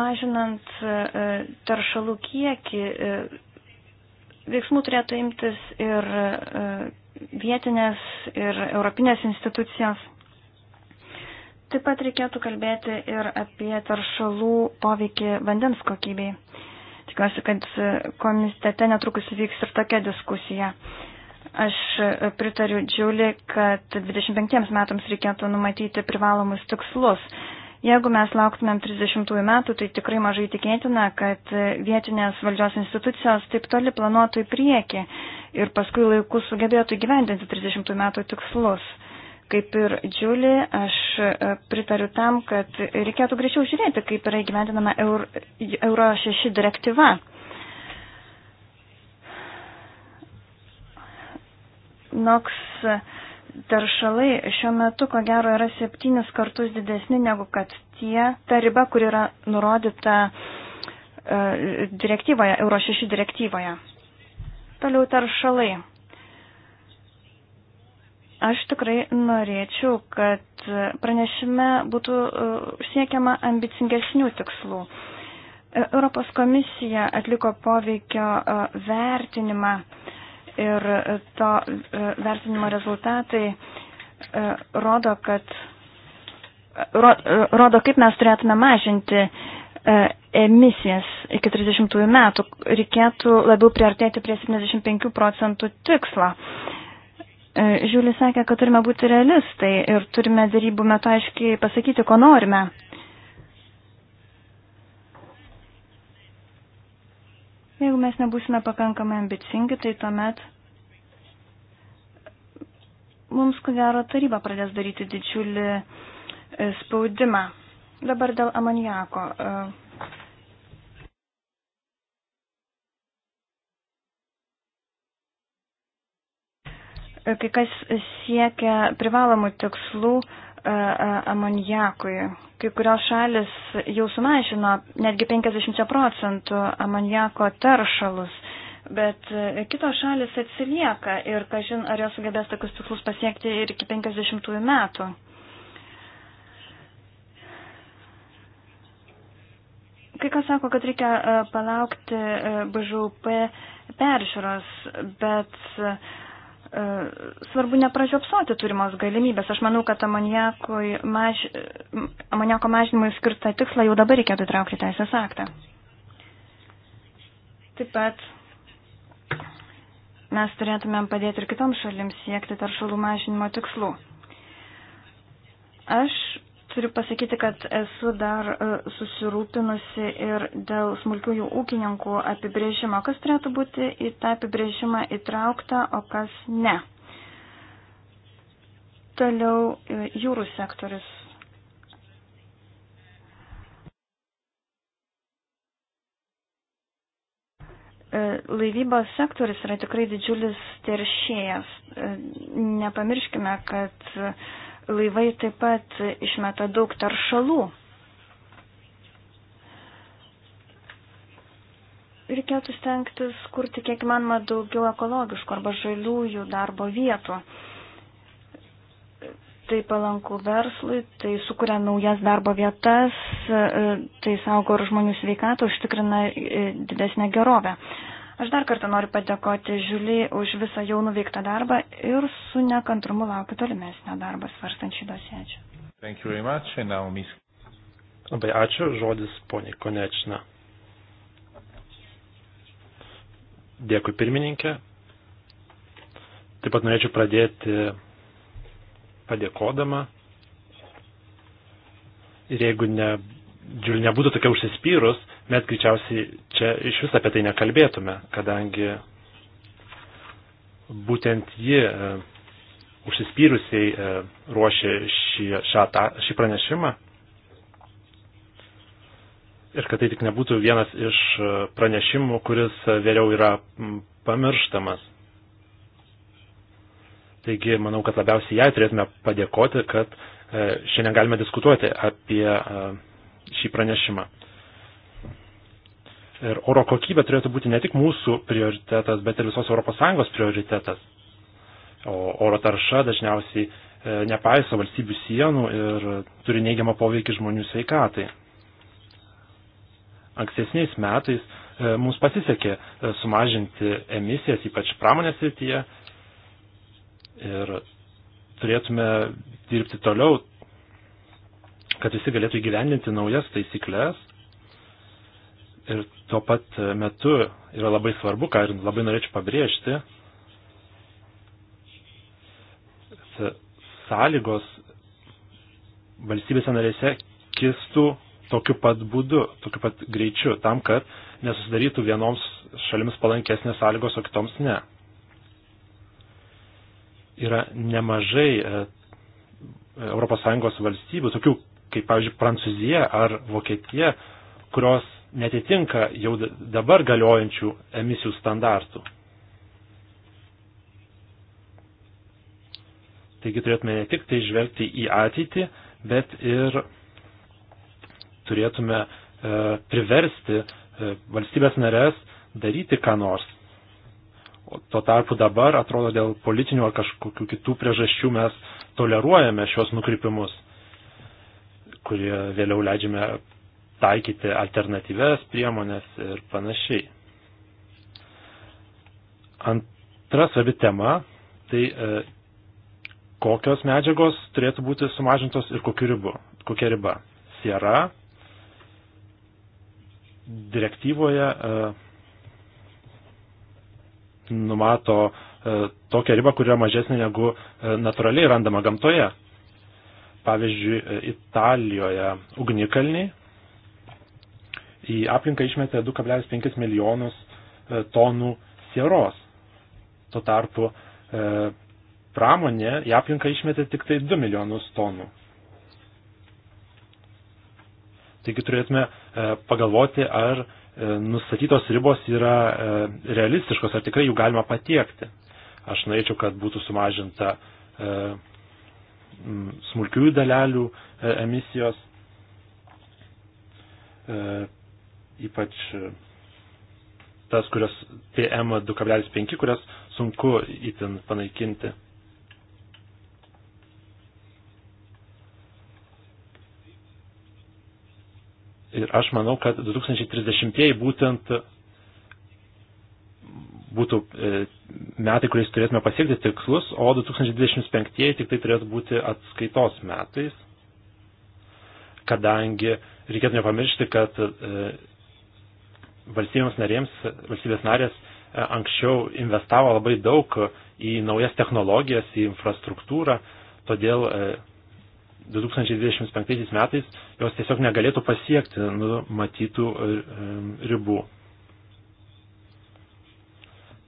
Mažinant taršalų kiekį, veiksmų turėtų imtis ir vietinės ir europinės institucijos. Taip pat reikėtų kalbėti ir apie taršalų poveikį vandens kokybei. Tikiuosi, kad komitete netrukus vyks ir tokia diskusija. Aš pritariu Džiulį, kad 25 metams reikėtų numatyti privalomus tikslus. Jeigu mes lauktumėm 30 metų, tai tikrai mažai tikėtina, kad vietinės valdžios institucijos taip toli planuotų į priekį ir paskui laiku sugebėtų gyvendinti 30 metų tikslus. Kaip ir Džiulį, aš e, pritariu tam, kad reikėtų greičiau žiūrėti, kaip yra įgyvendinama Euro 6 direktyva. NOX taršalai šiuo metu, ko gero, yra septynis kartus didesni negu kad tie, ta riba, kur yra nurodyta e, direktyvoje, Euro 6 direktyvoje. Toliau taršalai. Aš tikrai norėčiau, kad pranešime būtų e, siekiama ambicingesnių tikslų. E, Europos komisija atliko poveikio e, vertinimą ir to vertinimo rezultatai rodo, kad rodo, kaip mes turėtume mažinti E, emisijas iki 30 metų. Reikėtų labiau priartėti prie 75 procentų tikslo. E, Žiūlis sakė, kad turime būti realistai ir turime darybų metu aiškiai pasakyti, ko norime. Jeigu mes nebūsime pakankamai ambicingi, tai tuomet mums, ko gero, taryba pradės daryti didžiulį e, spaudimą. Dabar dėl amonijako. E, e, kai kas siekia privalomų tikslų e, amonijakui. Kai kurios šalis jau sumažino netgi 50 procentų amonijako teršalus, bet kitos šalis atsilieka ir, kažin, ar jos sugebės tokius tikslus pasiekti ir iki 50 metų. Kai kas sako, kad reikia e, palaukti e, BŽUP peržiūros, bet e, svarbu nepražiopsoti turimos galimybės. Aš manau, kad maž... amoniako mažinimui skirtą tikslą jau dabar reikėtų įtraukti teisės aktą. Taip pat mes turėtumėm padėti ir kitoms šalims siekti taršalų mažinimo tikslų. Aš Turiu pasakyti, kad esu dar e, susirūpinusi ir dėl smulkiųjų ūkininkų apibrėžimo, kas turėtų būti į tą apibrėžimą įtraukta, o kas ne. Toliau e, jūrų sektorius. E, laivybos sektorius yra tikrai didžiulis teršėjas. Nepamirškime, kad laivai taip pat išmeta daug taršalų. Reikėtų stengtis kurti kiek manoma daugiau ekologiškų arba žaliųjų darbo vietų. Tai palanku verslui, tai sukuria naujas darbo vietas, tai saugo ir žmonių sveikatą, užtikrina e, didesnę gerovę. Aš dar kartą noriu padėkoti Žiulį už visą jau nuveiktą darbą ir su nekantrumu laukiu tolimesnio darbo svarstant šį dosiečią. Labai ačiū, žodis poniai Konečna. Dėkui pirmininkė. Taip pat norėčiau pradėti padėkodama. Ir jeigu ne, Džiulė nebūtų tokia užsispyrus, mes greičiausiai čia iš vis apie tai nekalbėtume, kadangi būtent ji e, užsispyrusiai e, ruošė šį, šią, tą, šį pranešimą ir kad tai tik nebūtų vienas iš e, pranešimų, kuris e, vėliau yra pamirštamas. Taigi, manau, kad labiausiai jai turėtume padėkoti, kad e, šiandien galime diskutuoti apie šį pranešimą. Ir oro kokybė turėtų būti ne tik mūsų prioritetas, bet ir visos ES prioritetas. O oro tarša dažniausiai e, nepaiso valstybių sienų ir turi neigiamą poveikį žmonių sveikatai. Ankstesniais metais e, mums pasisekė e, sumažinti emisijas, ypač pramonės srityje, ir turėtume dirbti toliau, kad visi galėtų įgyvendinti naujas taisyklės Ir tuo pat metu yra labai svarbu, ką ir labai norėčiau pabrėžti, sąlygos valstybėse narėse kistų tokiu pat būdu, tokiu pat greičiu, tam, kad nesusidarytų vienoms šalims palankesnės sąlygos, o kitoms ne. Yra nemažai ES valstybių, tokių kaip, pavyzdžiui, Prancūzija ar Vokietija, kurios netitinka jau dabar galiojančių emisijų standartų. Taigi turėtume ne tik tai žvelgti į ateitį, bet ir turėtume e, priversti e, valstybės narės daryti ką nors. O tuo tarpu dabar, atrodo, dėl politinių ar kažkokių kitų priežasčių mes toleruojame šios nukrypimus, kurie vėliau leidžiame taikyti alternatyves priemonės ir panašiai. Antra svarbi tema - tai e, kokios medžiagos turėtų būti sumažintos ir kokiu ribu, kokia riba. Sierra direktyvoje e, numato e, tokią ribą, kuri yra mažesnė negu e, natūraliai randama gamtoje. Pavyzdžiui, e, Italijoje ugnikalniai į aplinką išmetė 2,5 milijonus e, tonų sieros. Tuo tarpu e, pramonė į aplinką išmetė tik tai 2 milijonus tonų. Taigi turėtume e, pagalvoti, ar nustatytos ribos yra realistiškos, ar tikrai jų galima patiekti. Aš norėčiau, kad būtų sumažinta smulkiųjų dalelių emisijos, ypač e, tas, kurios PM 2,5, kurias sunku įtin panaikinti. Ir aš manau, kad 2030-ieji būtent būtų e, metai, kuriais turėtume pasiekti tikslus, o 2025-ieji tik tai turėtų būti atskaitos metais, kadangi reikėtų nepamiršti, kad e, valstybėms narėms, valstybės narės e, anksčiau investavo labai daug į naujas technologijas, į infrastruktūrą, todėl 2025 e, metais jos tiesiog negalėtų pasiekti numatytų e, ribų.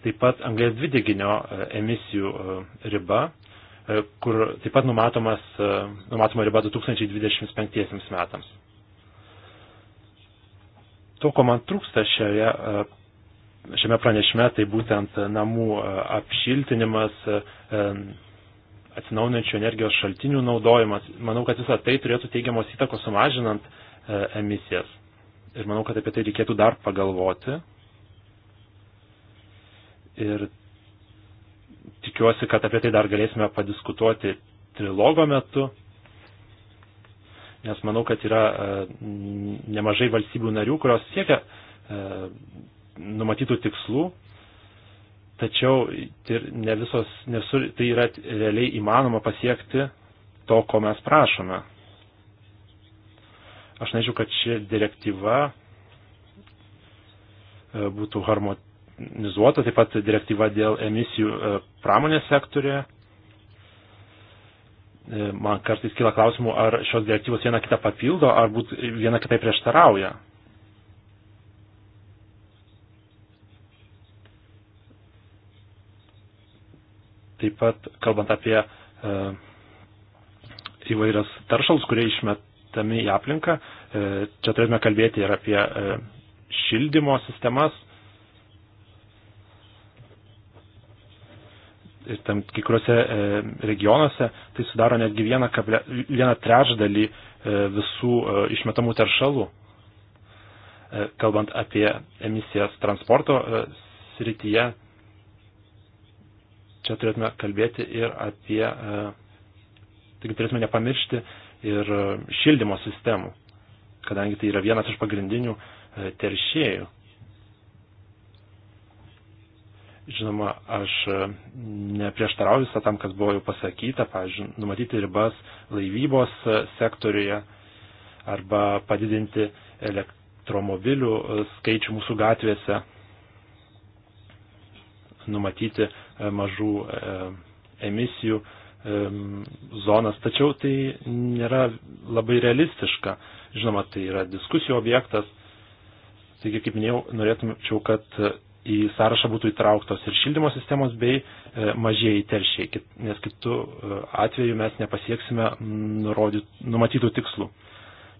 Taip pat anglės dvideginio emisijų riba, kur taip pat numatomas, numatoma riba 2025 metams to, ko man trūksta šioje, e, šiame pranešime, tai būtent namų e, apšiltinimas, e, atsinaujinančių energijos šaltinių naudojimas. Manau, kad visą tai turėtų teigiamos įtakos sumažinant emisijas. Ir manau, kad apie tai reikėtų dar pagalvoti. Ir tikiuosi, kad apie tai dar galėsime padiskutuoti trilogo metu nes manau, kad yra e, nemažai valstybių narių, kurios siekia e, numatytų tikslų, tačiau ne visos, nesur, tai yra realiai įmanoma pasiekti to, ko mes prašome. Aš nežinau, kad ši direktyva e, būtų harmonizuota, taip pat direktyva dėl emisijų pramonės sektorėje E, man kartais kyla klausimų, ar šios direktyvos viena kitą papildo, ar būt viena kitai prieštarauja. Taip pat, kalbant apie e, įvairias taršalus, kurie išmetami į aplinką, e, čia turėtume kalbėti ir apie e, šildymo sistemas, ir tam kiekvienose e, regionuose tai sudaro netgi vieną, kablę, vieną trečdalį e, visų e, išmetamų teršalų. Kalbant apie emisijas transporto srityje, čia turėtume kalbėti ir apie, taigi turėtume nepamiršti ir šildymo sistemų, kadangi tai yra vienas iš pagrindinių teršėjų. Žinoma, aš e, neprieštarauju visą tam, kas buvo jau pasakyta, pavyzdžiui, numatyti ribas laivybos e, sektoriuje arba padidinti elektromobilių e, skaičių mūsų gatvėse, numatyti mažų emisijų zonas, tačiau tai nėra labai realistiška. Žinoma, tai yra diskusijų objektas. Taigi, kaip minėjau, norėtumčiau, kad į sąrašą būtų įtrauktos ir šildymo sistemos bei e, mažieji teršiai, nes kitų e, atveju mes nepasieksime nurodyt, numatytų tikslų.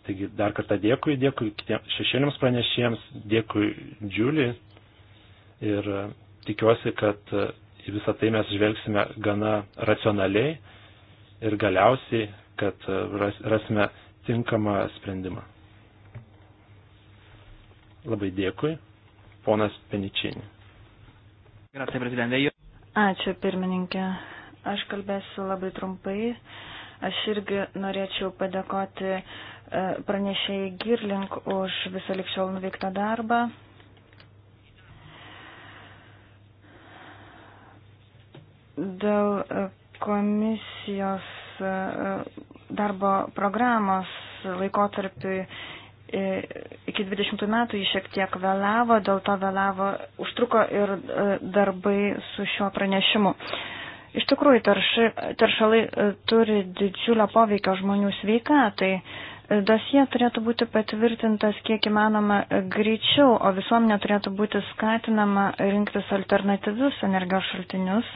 Taigi dar kartą dėkui, dėkui kitiems šešėliams pranešėjams, dėkui Džiulį ir e, tikiuosi, kad į visą tai mes žvelgsime gana racionaliai ir galiausiai, kad rasime tinkamą sprendimą. Labai dėkui ponas Peničinė. Ačiū, pirmininkė. Aš kalbėsiu labai trumpai. Aš irgi norėčiau padėkoti e, pranešėjai Girlink už visą likščiol nuveiktą darbą. Dėl e, komisijos e, darbo programos laikotarpiui E, iki 20 metų jis šiek tiek vėlavo, dėl to vėlavo, užtruko ir e, darbai su šiuo pranešimu. Iš tikrųjų, terši, teršalai e, turi didžiulio poveikio žmonių sveikatai. Dosie turėtų būti patvirtintas kiek įmanoma greičiau, o visuomenė turėtų būti skatinama rinktis alternatyvius energijos šaltinius.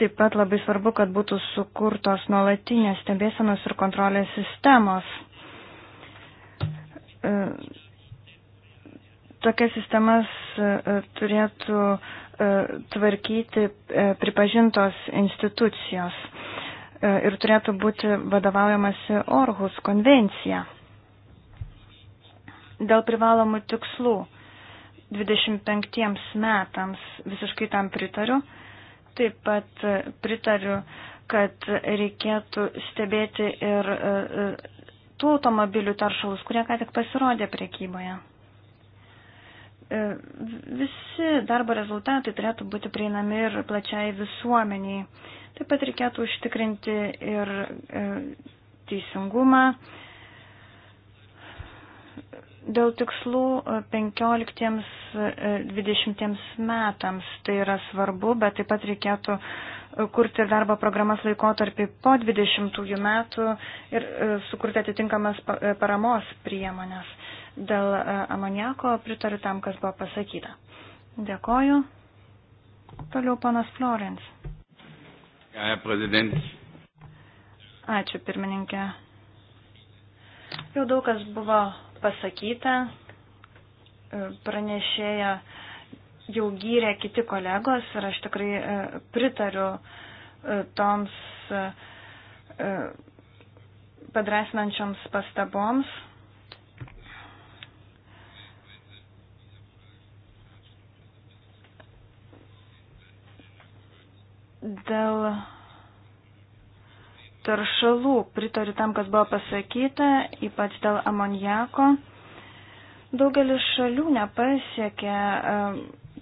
Taip pat labai svarbu, kad būtų sukurtos nuolatinės stebėsenos ir kontrolės sistemos E, tokias sistemas e, e, turėtų tvarkyti pripažintos institucijos ir turėtų būti vadovaujamasi Orhus konvencija. Dėl privalomų tikslų 25 metams visiškai tam pritariu. Taip pat pritariu, kad reikėtų stebėti ir tų automobilių taršalus, kurie ką tik pasirodė priekyboje. E, visi darbo rezultatai turėtų būti prieinami ir plačiai visuomeniai. Taip pat reikėtų užtikrinti ir e, teisingumą dėl tikslų 15-20 e, metams. Tai yra svarbu, bet taip pat reikėtų uh, kurti darbo programas laikotarpį po 20 metų ir e, sukurti atitinkamas e, paramos priemonės. Dėl e, amoniako pritariu tam, kas buvo pasakyta. Dėkoju. Toliau panas Florence. Ačiū, pirmininkė. Jau daug kas buvo pasakyta. Pranešėja jau gyrė kiti kolegos ir aš tikrai e, pritariu e, toms e, padrasinančioms pastaboms. Dėl taršalų pritariu tam, kas buvo pasakyta, ypač dėl amonijako. Daugelis šalių nepasiekia uh,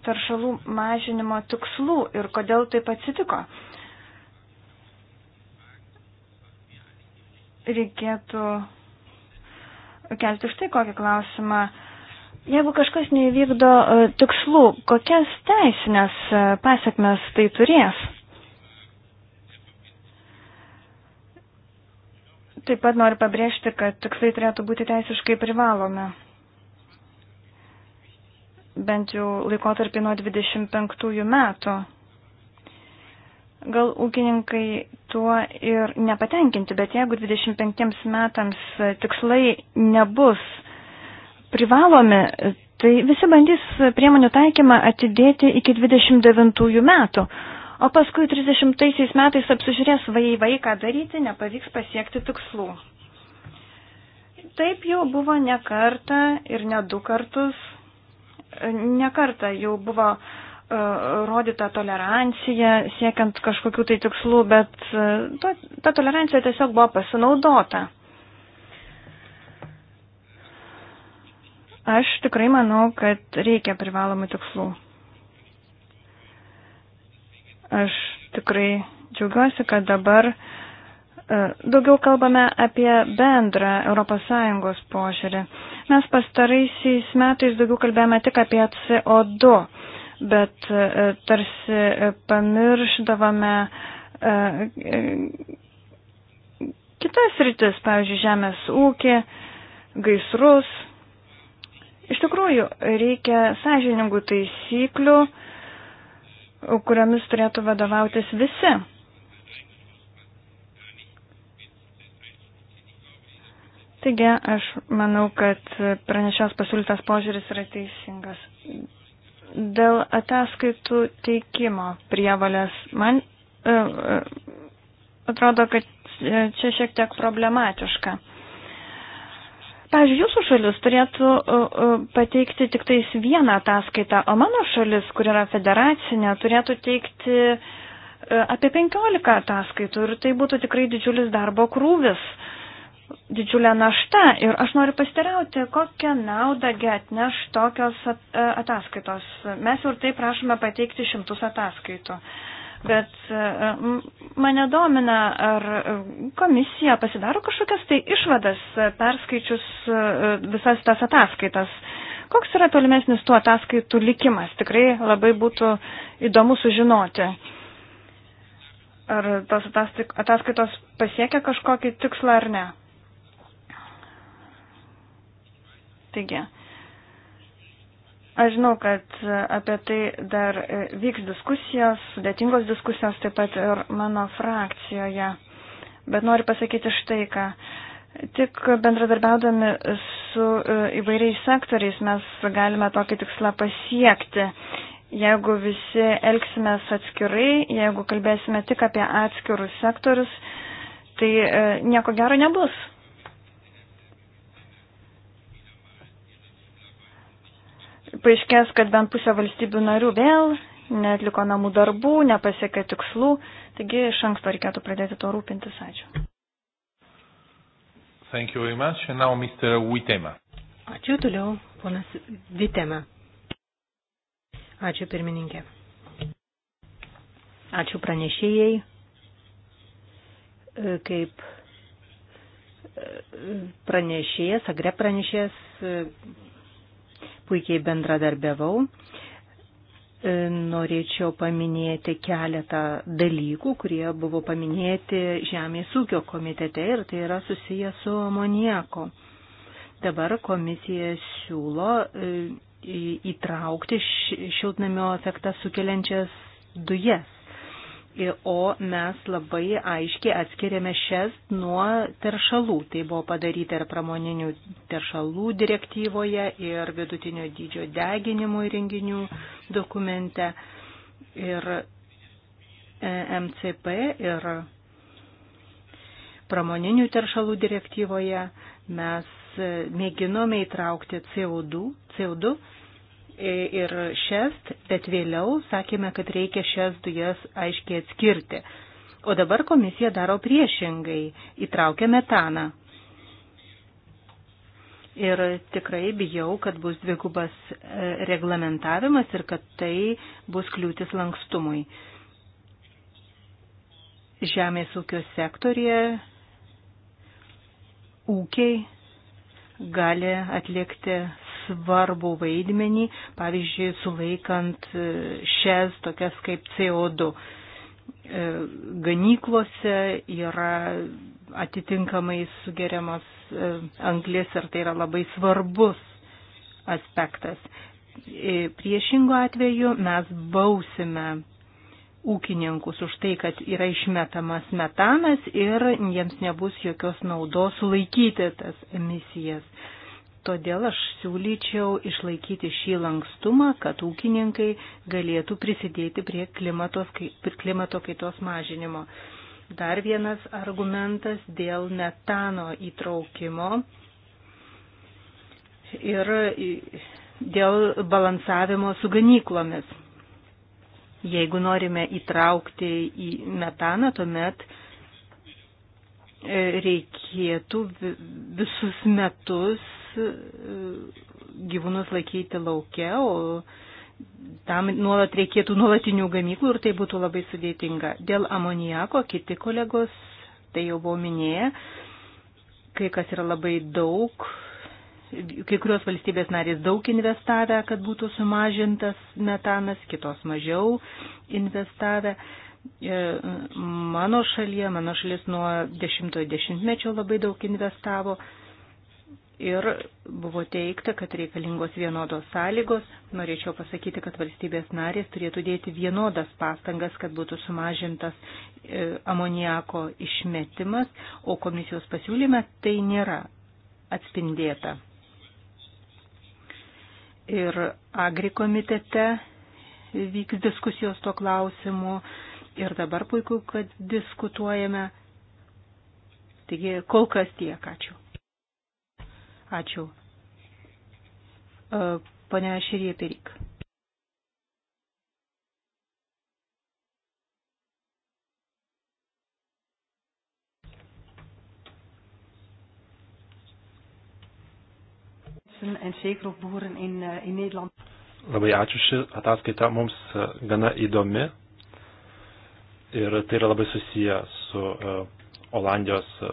taršalų mažinimo tikslų ir kodėl taip atsitiko. Reikėtų kelti štai kokį klausimą. Jeigu kažkas neįvykdo e, tikslų, kokias teisinės e, pasiekmes tai turės? Taip pat noriu pabrėžti, kad tikslai turėtų būti teisiškai privalomi bent jau laikotarpį nuo 25 metų. Gal ūkininkai tuo ir nepatenkinti, bet jeigu 25 metams tikslai nebus privalomi, tai visi bandys priemonių taikymą atidėti iki 29 metų. O paskui 30 metais apsižiūrės vaivai, ką daryti, nepavyks pasiekti tikslų. Taip jau buvo ne kartą ir ne du kartus Nekarta jau buvo e, rodyta tolerancija, siekiant kažkokių tai tikslų, bet e, to, ta tolerancija tiesiog buvo pasinaudota. Aš tikrai manau, kad reikia privalomų tikslų. Aš tikrai džiaugiuosi, kad dabar uh, E, daugiau kalbame apie bendrą ES požiūrį. Mes pastaraisiais metais daugiau kalbėjome tik apie CO2, bet e, tarsi e, pamiršdavome kitas rytis, pavyzdžiui, žemės ūkį, gaisrus. Iš tikrųjų, reikia sąžiningų taisyklių, kuriomis turėtų vadovautis visi. Taigi, aš manau, kad pranešios pasiūlytas požiūris yra teisingas. Dėl ataskaitų teikimo prievalės, man uh, atrodo, kad čia šiek tiek problematiška. Pavyzdžiui, jūsų šalis turėtų e, pateikti tik tais vieną ataskaitą, o mano šalis, kur yra federacinė, turėtų teikti apie 15 ataskaitų ir tai būtų tikrai didžiulis darbo krūvis didžiulė našta ir aš noriu pasteriauti, kokią naudą atneš tokios e, ataskaitos. Mes jau ir taip prašome pateikti šimtus ataskaitų. Bet e, mane domina, ar komisija pasidaro kažkokias tai išvadas, e, perskaičius visas tas ataskaitas. Koks yra tolimesnis tų ataskaitų likimas? Tikrai labai būtų įdomu sužinoti. Ar tos ataskaitos pasiekia kažkokį tikslą ar ne? Taigi, aš žinau, kad apie tai dar vyks diskusijos, sudėtingos diskusijos taip pat ir mano frakcijoje, bet noriu pasakyti štai ką. Tik bendradarbiaudami su e, įvairiais sektoriais mes galime tokį tikslą pasiekti. Jeigu visi elgsime atskirai, jeigu kalbėsime tik apie atskirus sektorius, tai e, nieko gero nebus. paaiškės, kad bent pusė valstybių narių vėl netliko namų darbų, nepasiekė tikslų, taigi iš anksto reikėtų pradėti to rūpintis. Ačiū. Thank you very much. And now Mr. Witema. Ačiū toliau, ponas Vitema. Ačiū pirmininkė. Ačiū pranešėjai. E, kaip e, pranešėjas, agre pranešėjas e, puikiai bendradarbiavau. E, norėčiau paminėti keletą dalykų, kurie buvo paminėti Žemės ūkio komitete ir tai yra susiję su amonieko. Dabar komisija siūlo e, įtraukti šiltnamio efektą sukeliančias dujas o mes labai aiškiai atskiriame šias nuo teršalų. Tai buvo padaryta ir pramoninių teršalų direktyvoje, ir vidutinio dydžio deginimo įrenginių dokumente, ir e, MCP, ir pramoninių teršalų direktyvoje mes e, mėginome įtraukti CO2, CO2 E, ir šest, bet vėliau sakėme, kad reikia šias dujas aiškiai atskirti. O dabar komisija daro priešingai, įtraukia metaną. Ir tikrai bijau, kad bus dvigubas e, reglamentavimas ir kad tai bus kliūtis lankstumui. Žemės ūkio sektorija ūkiai gali atlikti svarbu vaidmenį, pavyzdžiui, sulaikant e, šias tokias kaip CO2. E, ganyklose yra atitinkamai sugeriamas e, anglis ir tai yra labai svarbus aspektas. Priešingo atveju mes bausime ūkininkus už tai, kad yra išmetamas metanas ir jiems nebus jokios naudos sulaikyti tas emisijas. Todėl aš siūlyčiau išlaikyti šį lankstumą, kad ūkininkai galėtų prisidėti prie klimatos, klimato kaitos mažinimo. Dar vienas argumentas dėl metano įtraukimo ir dėl balansavimo su ganyklomis. Jeigu norime įtraukti į metaną, tuomet E, reikėtų visus metus e, gyvūnus laikyti laukia, o tam nuolat reikėtų nuolatinių gamyklų ir tai būtų labai sudėtinga. Dėl amonijako kiti kolegos, tai jau buvau minėję, kai kas yra labai daug, kai kurios valstybės narės daug investavę, kad būtų sumažintas metanas, kitos mažiau investavę. E, mano šalyje, mano šalis nuo dešimtojo dešimtmečio labai daug investavo ir buvo teikta, kad reikalingos vienodos sąlygos. Norėčiau pasakyti, kad valstybės narės turėtų dėti vienodas pastangas, kad būtų sumažintas e, amoniako išmetimas, o komisijos pasiūlyme tai nėra atspindėta. Ir agri komitete vyks diskusijos tuo klausimu ir dabar puiku, kad diskutuojame. Taigi kol kas tiek, ačiū. Ačiū. E, Pane Širė Pirik. en zeker ook boeren in, eh, in Nederland. Labai ačiū ši ataskaita mums eh, gana įdomi, Ir tai yra labai susiję su e, Olandijos e,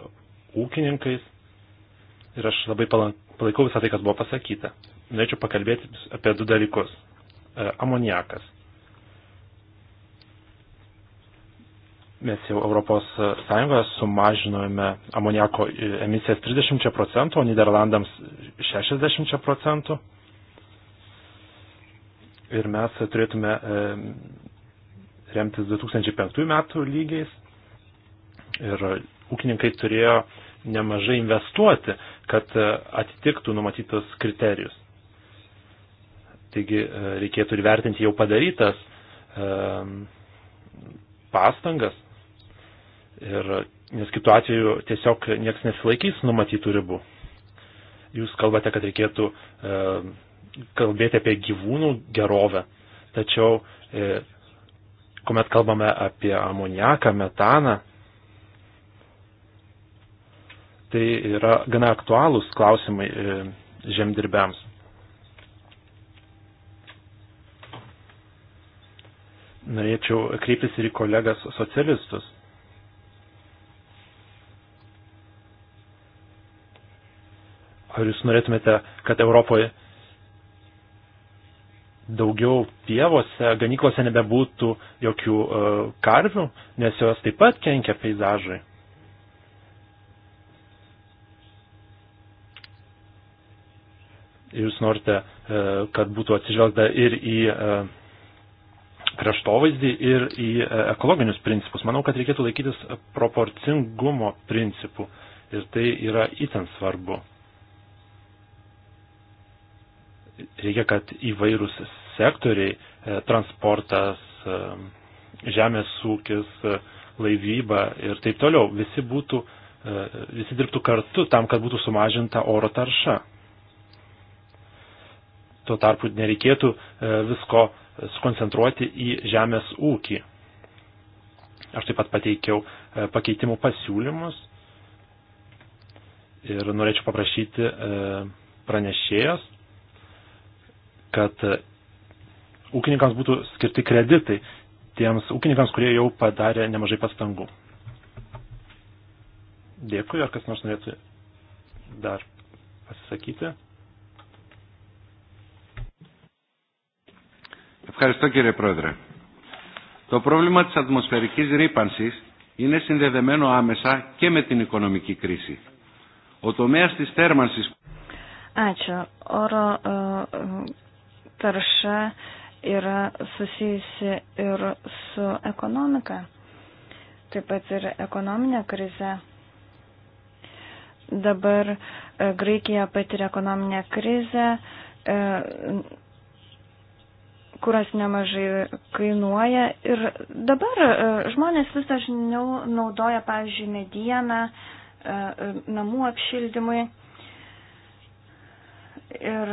ūkininkais. Ir aš labai palaikau visą tai, kas buvo pasakyta. Norėčiau pakalbėti apie du dalykus. E, amoniakas. Mes jau Europos Sąjungoje sumažinojame amoniako emisijas 30 procentų, o Niderlandams 60 procentų. Ir mes turėtume remtis 2005 metų lygiais ir ūkininkai turėjo nemažai investuoti, kad e, atitiktų numatytus kriterijus. Taigi e, reikėtų ir vertinti jau padarytas e, pastangas, ir, nes kitu atveju tiesiog nieks nesilaikys numatytų ribų. Jūs kalbate, kad reikėtų kalbėti apie gyvūnų gerovę, tačiau Kuomet kalbame apie amoniaką, metaną, tai yra gana aktualūs klausimai e, žemdirbiams. Norėčiau kreiptis ir į kolegas socialistus. Ar jūs norėtumėte, kad Europoje daugiau pievose, ganyklose nebebūtų jokių e, karvių, nes jos taip pat kenkia peizažui. Ir jūs norite, e, kad būtų atsižvelgta ir į e, kraštovaizdį, ir į ekologinius principus. Manau, kad reikėtų laikytis proporcingumo principų. Ir tai yra itin svarbu reikia, kad įvairūs sektoriai e, - transportas, e, žemės ūkis, e, laivyba ir taip toliau - visi, būtų, visi dirbtų kartu tam, kad būtų sumažinta oro tarša. Tuo tarpu nereikėtų visko sukoncentruoti į žemės ūkį. Aš taip pat pateikiau pakeitimų pasiūlymus ir norėčiau paprašyti pranešėjos, kad ūkininkams būtų skirti kreditai tiems ūkininkams, kurie jau padarė nemažai pastangų. Dėkui, ar kas nors norėtų dar pasisakyti? Ευχαριστώ κύριε Πρόεδρε. Το πρόβλημα της ατμοσφαιρικής ρήπανσης είναι συνδεδεμένο άμεσα και με την οικονομική κρίση. Ο τομέας της θέρμανσης... Ačiū. Oro uh, tarša uh, yra susijusi ir su ekonomika, taip pat ir ekonominė krize. Dabar e, Graikija patiria ekonominę krizę, e, kuras nemažai kainuoja ir dabar e, žmonės vis dažniau naudoja, pavyzdžiui, medieną namų apšildymui. Ir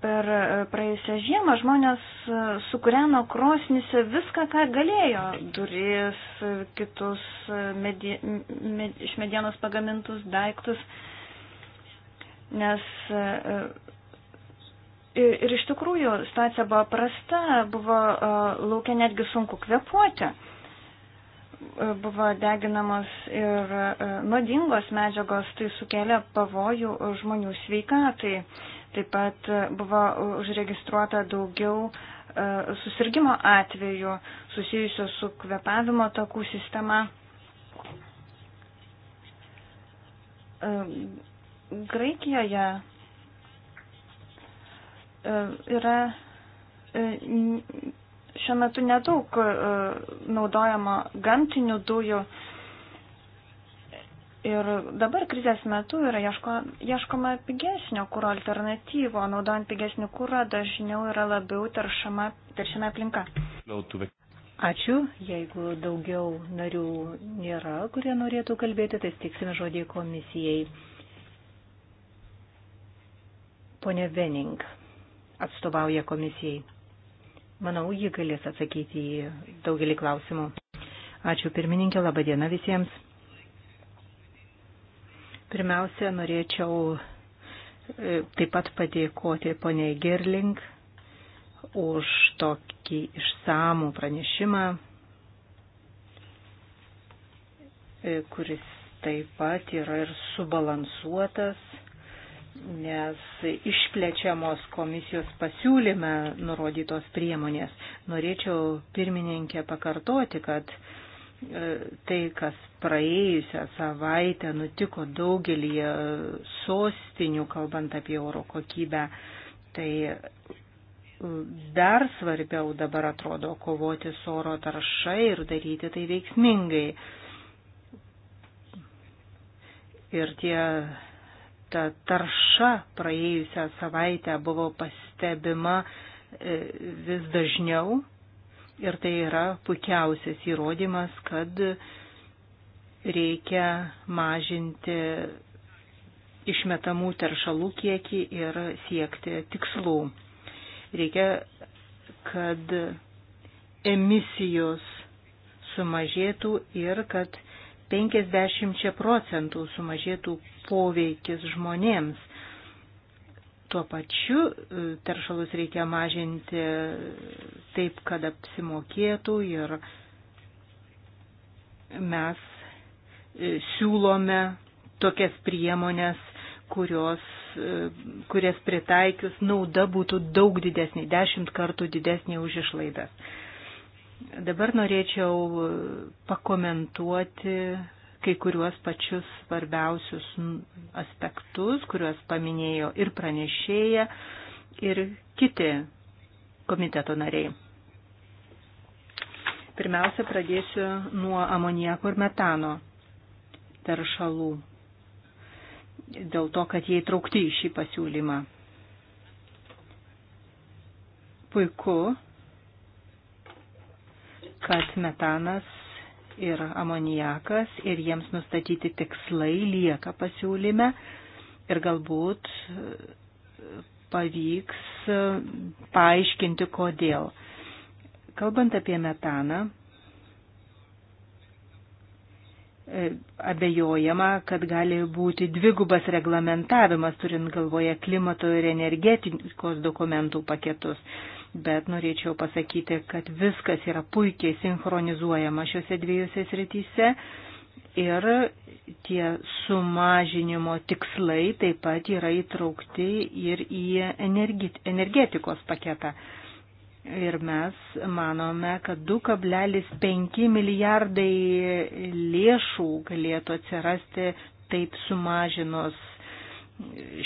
per praėjusią žiemą žmonės sukūreno krosnyse viską, ką galėjo. Duris, kitus medie, med, iš medienos pagamintus daiktus. Nes e, ir, ir iš tikrųjų situacija buvo prasta, buvo e, laukia netgi sunku kvepuoti. E, buvo deginamos ir nuodingos medžiagos, tai sukelia pavojų žmonių sveikatai. Taip pat e, buvo užregistruota daugiau e, susirgymo atvejų susijusio su kvepavimo takų sistema. E, Graikijoje yra šiuo metu nedaug naudojama gamtinių dujų Ir dabar krizės metu yra ieško, ieškoma pigesnio kūro alternatyvo, naudojant pigesnį kūrą dažniau yra labiau teršama, teršiama aplinka. Ačiū. Jeigu daugiau narių nėra, kurie norėtų kalbėti, tai stiksime žodį komisijai. Pone Vening atstovauja komisijai. Manau, ji galės atsakyti į daugelį klausimų. Ačiū pirmininkė, laba diena visiems. Pirmiausia, norėčiau e, taip pat padėkoti poniai Gerling už tokį išsamų pranešimą, e, kuris taip pat yra ir subalansuotas, nes išplečiamos komisijos pasiūlyme nurodytos priemonės. Norėčiau pirmininkę pakartoti, kad E, tai, kas praėjusią savaitę nutiko daugelį sostinių, kalbant apie oro kokybę, tai e, dar svarbiau dabar atrodo kovoti su oro tarša ir daryti tai veiksmingai. Ir tie ta tarša praėjusią savaitę buvo pastebima e, vis dažniau Ir tai yra puikiausias įrodymas, kad reikia mažinti išmetamų teršalų kiekį ir siekti tikslų. Reikia, kad emisijos sumažėtų ir kad 50 procentų sumažėtų poveikis žmonėms Tuo pačiu e, teršalus reikia mažinti taip, kad apsimokėtų ir mes e, siūlome tokias priemonės, kurios, e, kurias pritaikius nauda būtų daug didesnė, dešimt kartų didesnė už išlaidas. Dabar norėčiau pakomentuoti kai kuriuos pačius svarbiausius aspektus, kuriuos paminėjo ir pranešėja, ir kiti komiteto nariai. Pirmiausia, pradėsiu nuo amoniako ir metano teršalų, dėl to, kad jie įtraukti į šį pasiūlymą. Puiku, kad metanas ir amoniakas ir jiems nustatyti tikslai lieka pasiūlyme ir galbūt e, pavyks e, paaiškinti, kodėl. Kalbant apie metaną, e, abejojama, kad gali būti dvigubas reglamentavimas, turint galvoje klimato ir energetikos dokumentų paketus bet norėčiau pasakyti, kad viskas yra puikiai sinchronizuojama šiuose dviejose srityse ir tie sumažinimo tikslai taip pat yra įtraukti ir į energetikos paketą. Ir mes manome, kad 2,5 milijardai lėšų galėtų atsirasti taip sumažinus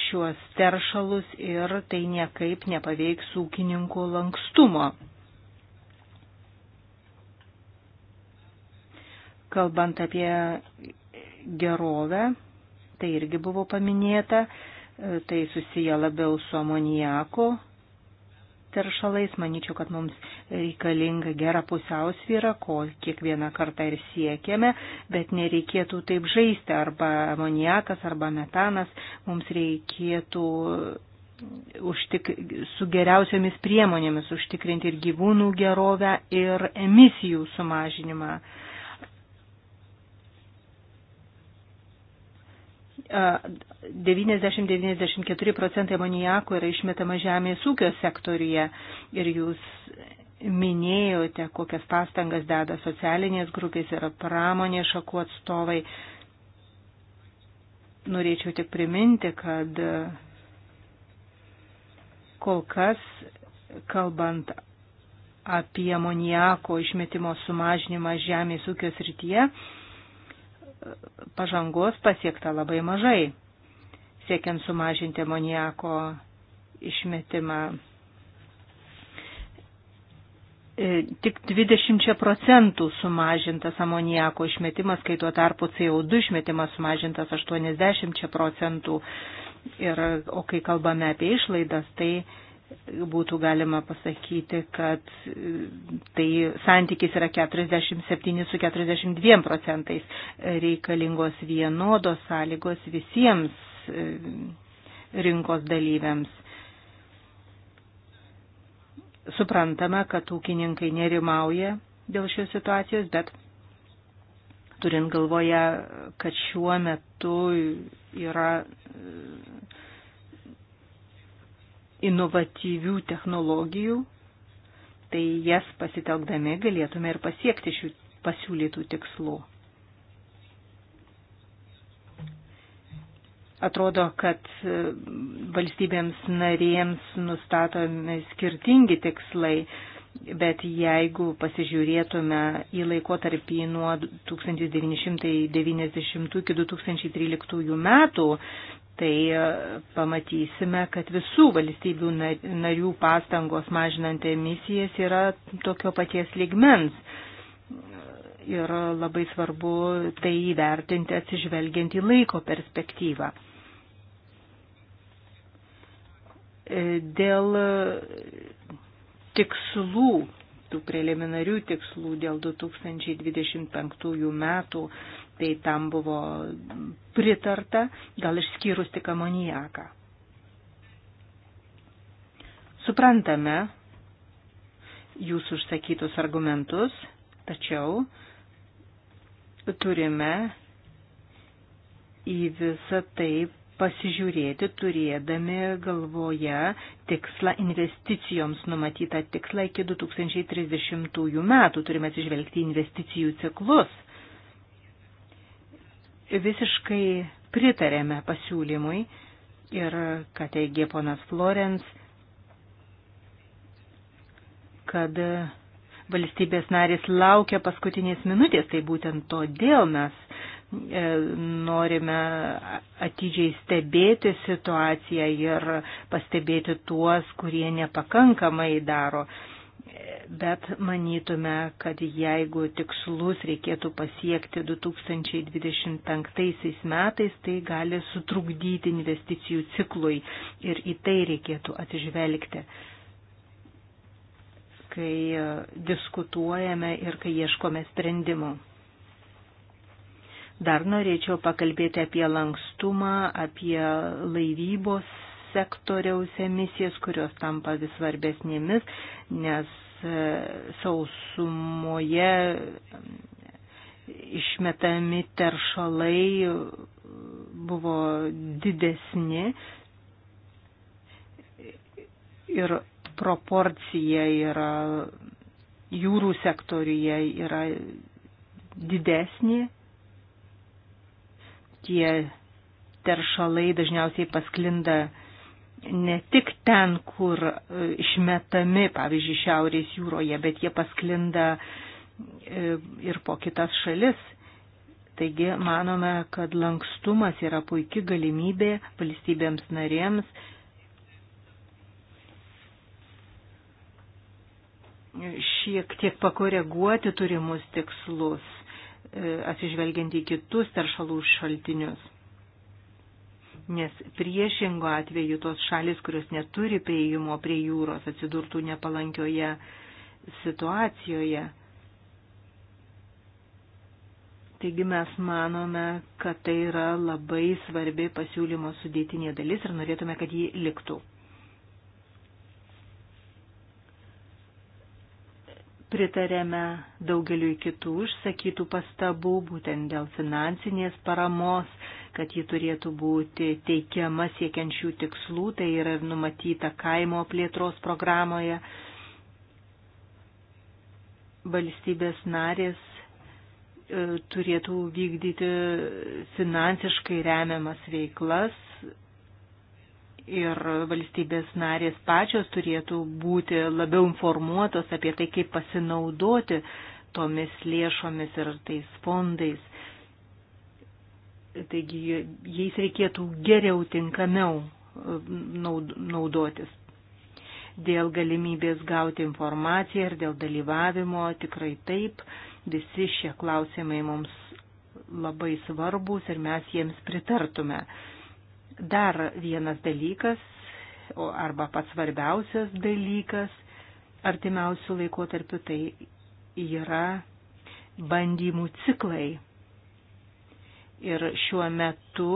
šiuos teršalus ir tai niekaip nepaveiks ūkininkų lankstumo. Kalbant apie gerovę, tai irgi buvo paminėta, tai susiję labiau su amonijaku, teršalais. Manyčiau, kad mums reikalinga gera pusiausvyra, ko kiekvieną kartą ir siekiame, bet nereikėtų taip žaisti arba amoniakas, arba metanas. Mums reikėtų užtik, su geriausiamis priemonėmis užtikrinti ir gyvūnų gerovę, ir emisijų sumažinimą. 90-94 procentai amonijako yra išmetama žemės ūkio sektoriuje ir jūs minėjote, kokias pastangas deda socialinės grupės ir pramonės šakų atstovai. Norėčiau tik priminti, kad kol kas, kalbant apie amonijako išmetimo sumažinimą žemės ūkio srityje, pažangos pasiekta labai mažai siekiant sumažinti amoniako išmetimą. E, tik 20 procentų sumažintas amoniako išmetimas, kai tuo tarpu CO2 išmetimas sumažintas 80 procentų. Ir, o kai kalbame apie išlaidas, tai būtų galima pasakyti, kad e, tai santykis yra 47 su 42 procentais reikalingos vienodos sąlygos visiems E, rinkos dalyviams. Suprantame, kad ūkininkai nerimauja dėl šios situacijos, bet turint galvoje, kad šiuo metu yra e, inovatyvių technologijų, tai jas pasitelkdami galėtume ir pasiekti šių pasiūlytų tikslų. Atrodo, kad e, valstybėms narėms nustatomi skirtingi tikslai, bet jeigu pasižiūrėtume į laikotarpį nuo 1990 iki 2013 metų, tai e, pamatysime, kad visų valstybių narių pastangos mažinant emisijas yra tokio paties ligmens yra labai svarbu tai įvertinti atsižvelgiant į laiko perspektyvą. E, dėl tikslų, tų preliminarių tikslų dėl 2025 metų, tai tam buvo pritarta, gal išskyrus tik amonijaką. Suprantame jūsų užsakytus argumentus, tačiau turime į visą tai pasižiūrėti, turėdami galvoje tikslą investicijoms numatytą tikslą iki 2030 metų. Turime atsižvelgti investicijų ciklus. Visiškai pritarėme pasiūlymui ir, ką teigė ponas Florence, kad valstybės narės laukia paskutinės minutės, tai būtent todėl mes e, norime atidžiai stebėti situaciją ir pastebėti tuos, kurie nepakankamai daro. Bet manytume, kad jeigu tikslus reikėtų pasiekti 2025 metais, tai gali sutrukdyti investicijų ciklui ir į tai reikėtų atsižvelgti kai e, diskutuojame ir kai ieškome sprendimų. Dar norėčiau pakalbėti apie lankstumą, apie laivybos sektoriaus emisijas, kurios tampa vis svarbesnėmis, nes e, sausumoje e, išmetami teršalai buvo didesni ir proporcija yra jūrų sektoriuje yra didesnė. Tie teršalai dažniausiai pasklinda ne tik ten, kur e, išmetami, pavyzdžiui, Šiaurės jūroje, bet jie pasklinda e, ir po kitas šalis. Taigi manome, kad lankstumas yra puikia galimybė valstybėms narėms šiek tiek pakoreguoti turimus tikslus, e, atsižvelgiant į kitus teršalų šaltinius. Nes priešingo atveju tos šalis, kurios neturi prieimo prie jūros, atsidurtų nepalankioje situacijoje. Taigi mes manome, kad tai yra labai svarbi pasiūlymo sudėtinė dalis ir norėtume, kad ji liktų. pritarėme daugeliu kitų išsakytų pastabų būtent dėl finansinės paramos, kad ji turėtų būti teikiama siekiančių tikslų, tai yra ir numatyta kaimo plėtros programoje. Valstybės narės e, turėtų vykdyti finansiškai remiamas veiklas ir valstybės narės pačios turėtų būti labiau informuotos apie tai, kaip pasinaudoti tomis lėšomis ir tais fondais. Taigi jais reikėtų geriau tinkamiau e, naudotis. Dėl galimybės gauti informaciją ir dėl dalyvavimo tikrai taip, visi šie klausimai mums labai svarbus ir mes jiems pritartume. Dar vienas dalykas, arba pats svarbiausias dalykas artimiausių laikotarpių, tai yra bandymų ciklai. Ir šiuo metu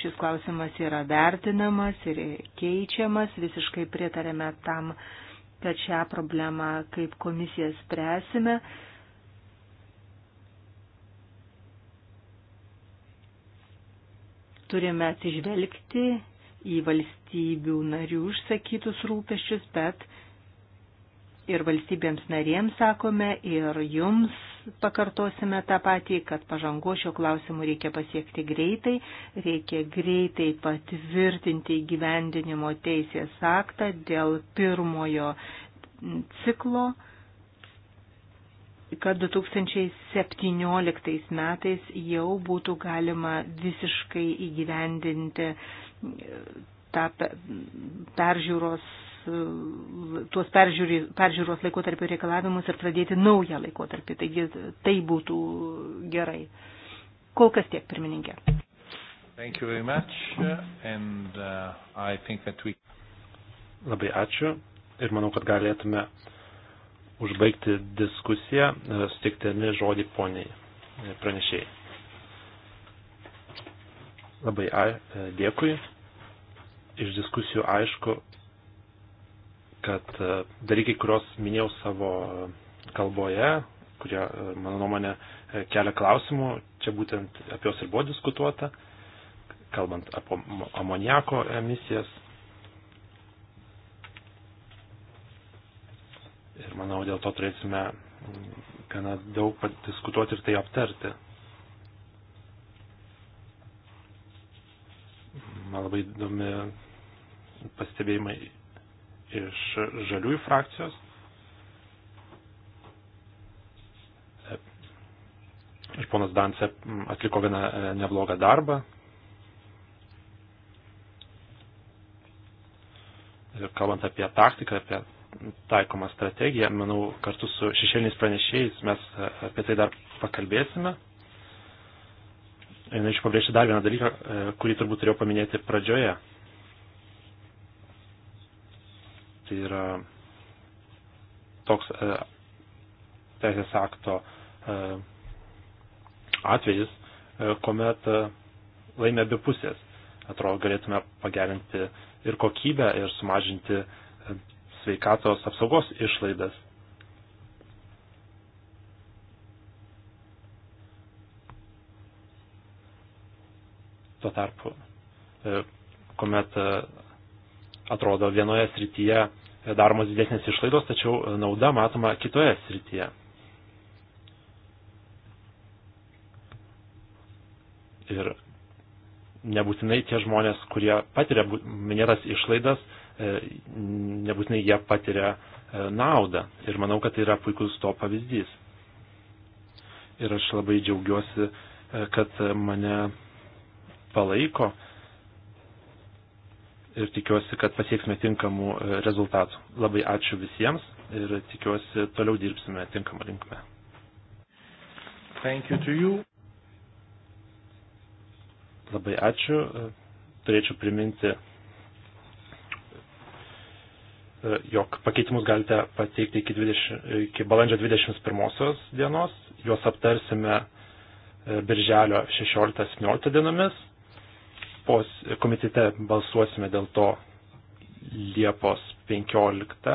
šis klausimas yra vertinamas ir keičiamas, visiškai pritarėme tam, kad šią problemą kaip komisija spręsime. turime atsižvelgti į valstybių narių užsakytus rūpešius, bet ir valstybėms narėms sakome, ir jums pakartosime tą patį, kad pažango šio klausimu reikia pasiekti greitai, reikia greitai patvirtinti įgyvendinimo teisės aktą dėl pirmojo ciklo kad 2017 metais jau būtų galima visiškai įgyvendinti e, tą peržiūros, e, tuos peržiūri, peržiūros laikotarpio reikalavimus ir pradėti naują laikotarpį. Taigi tai būtų gerai. Kol kas tiek, pirmininkė. Thank you very much and uh, I think that we... Labai ačiū ir manau, kad galėtume uh, užbaigti diskusiją, e, sutikdami žodį poniai e, pranešėjai. Labai e, dėkui. Iš diskusijų aišku, kad dalykai, kuriuos minėjau savo kalboje, kurie, mano nuomonė, kelia klausimų, čia būtent apie juos ir buvo diskutuota, kalbant apie amoniako emisijas, Ir manau, dėl to turėsime mm, gana daug padiskutuoti ir tai aptarti. Man labai įdomi pastebėjimai iš žaliųjų frakcijos. Ir ponas Dance atliko vieną neblogą darbą. Ir kalbant apie taktiką, apie taikoma strategija. Manau, kartu su šešėliniais pranešėjais mes e, apie tai dar pakalbėsime. Norėčiau pabrėžti dar vieną dalyką, e, kurį turbūt turėjau paminėti pradžioje. Tai yra toks e, teisės akto atvejis, kuomet laimė abi pusės. Atrodo, galėtume pagerinti ir kokybę, ir sumažinti sveikatos apsaugos išlaidas. Tuo tarpu, e, kuomet e, atrodo vienoje srityje e, daromos didesnės išlaidos, tačiau nauda matoma kitoje srityje. Ir nebūtinai tie žmonės, kurie patiria minėtas išlaidas, E, nebūtinai jie patiria e, naudą. Ir manau, kad tai yra puikus to pavyzdys. Ir aš labai džiaugiuosi, e, kad mane palaiko ir tikiuosi, kad pasieksime tinkamų rezultatų. Labai ačiū visiems ir tikiuosi toliau dirbsime tinkamą linkme. Thank you to you. Labai ačiū. Turėčiau priminti jog pakeitimus galite pateikti iki, 20, iki balandžio 21 dienos, juos aptarsime e, birželio 16-17 dienomis, pos komitete balsuosime dėl to Liepos 15.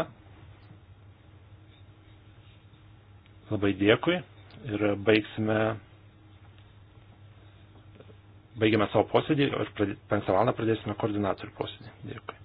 Labai dėkui ir baigsime, baigiame savo posėdį ir 5 valandą pradėsime koordinatorių posėdį. Dėkui.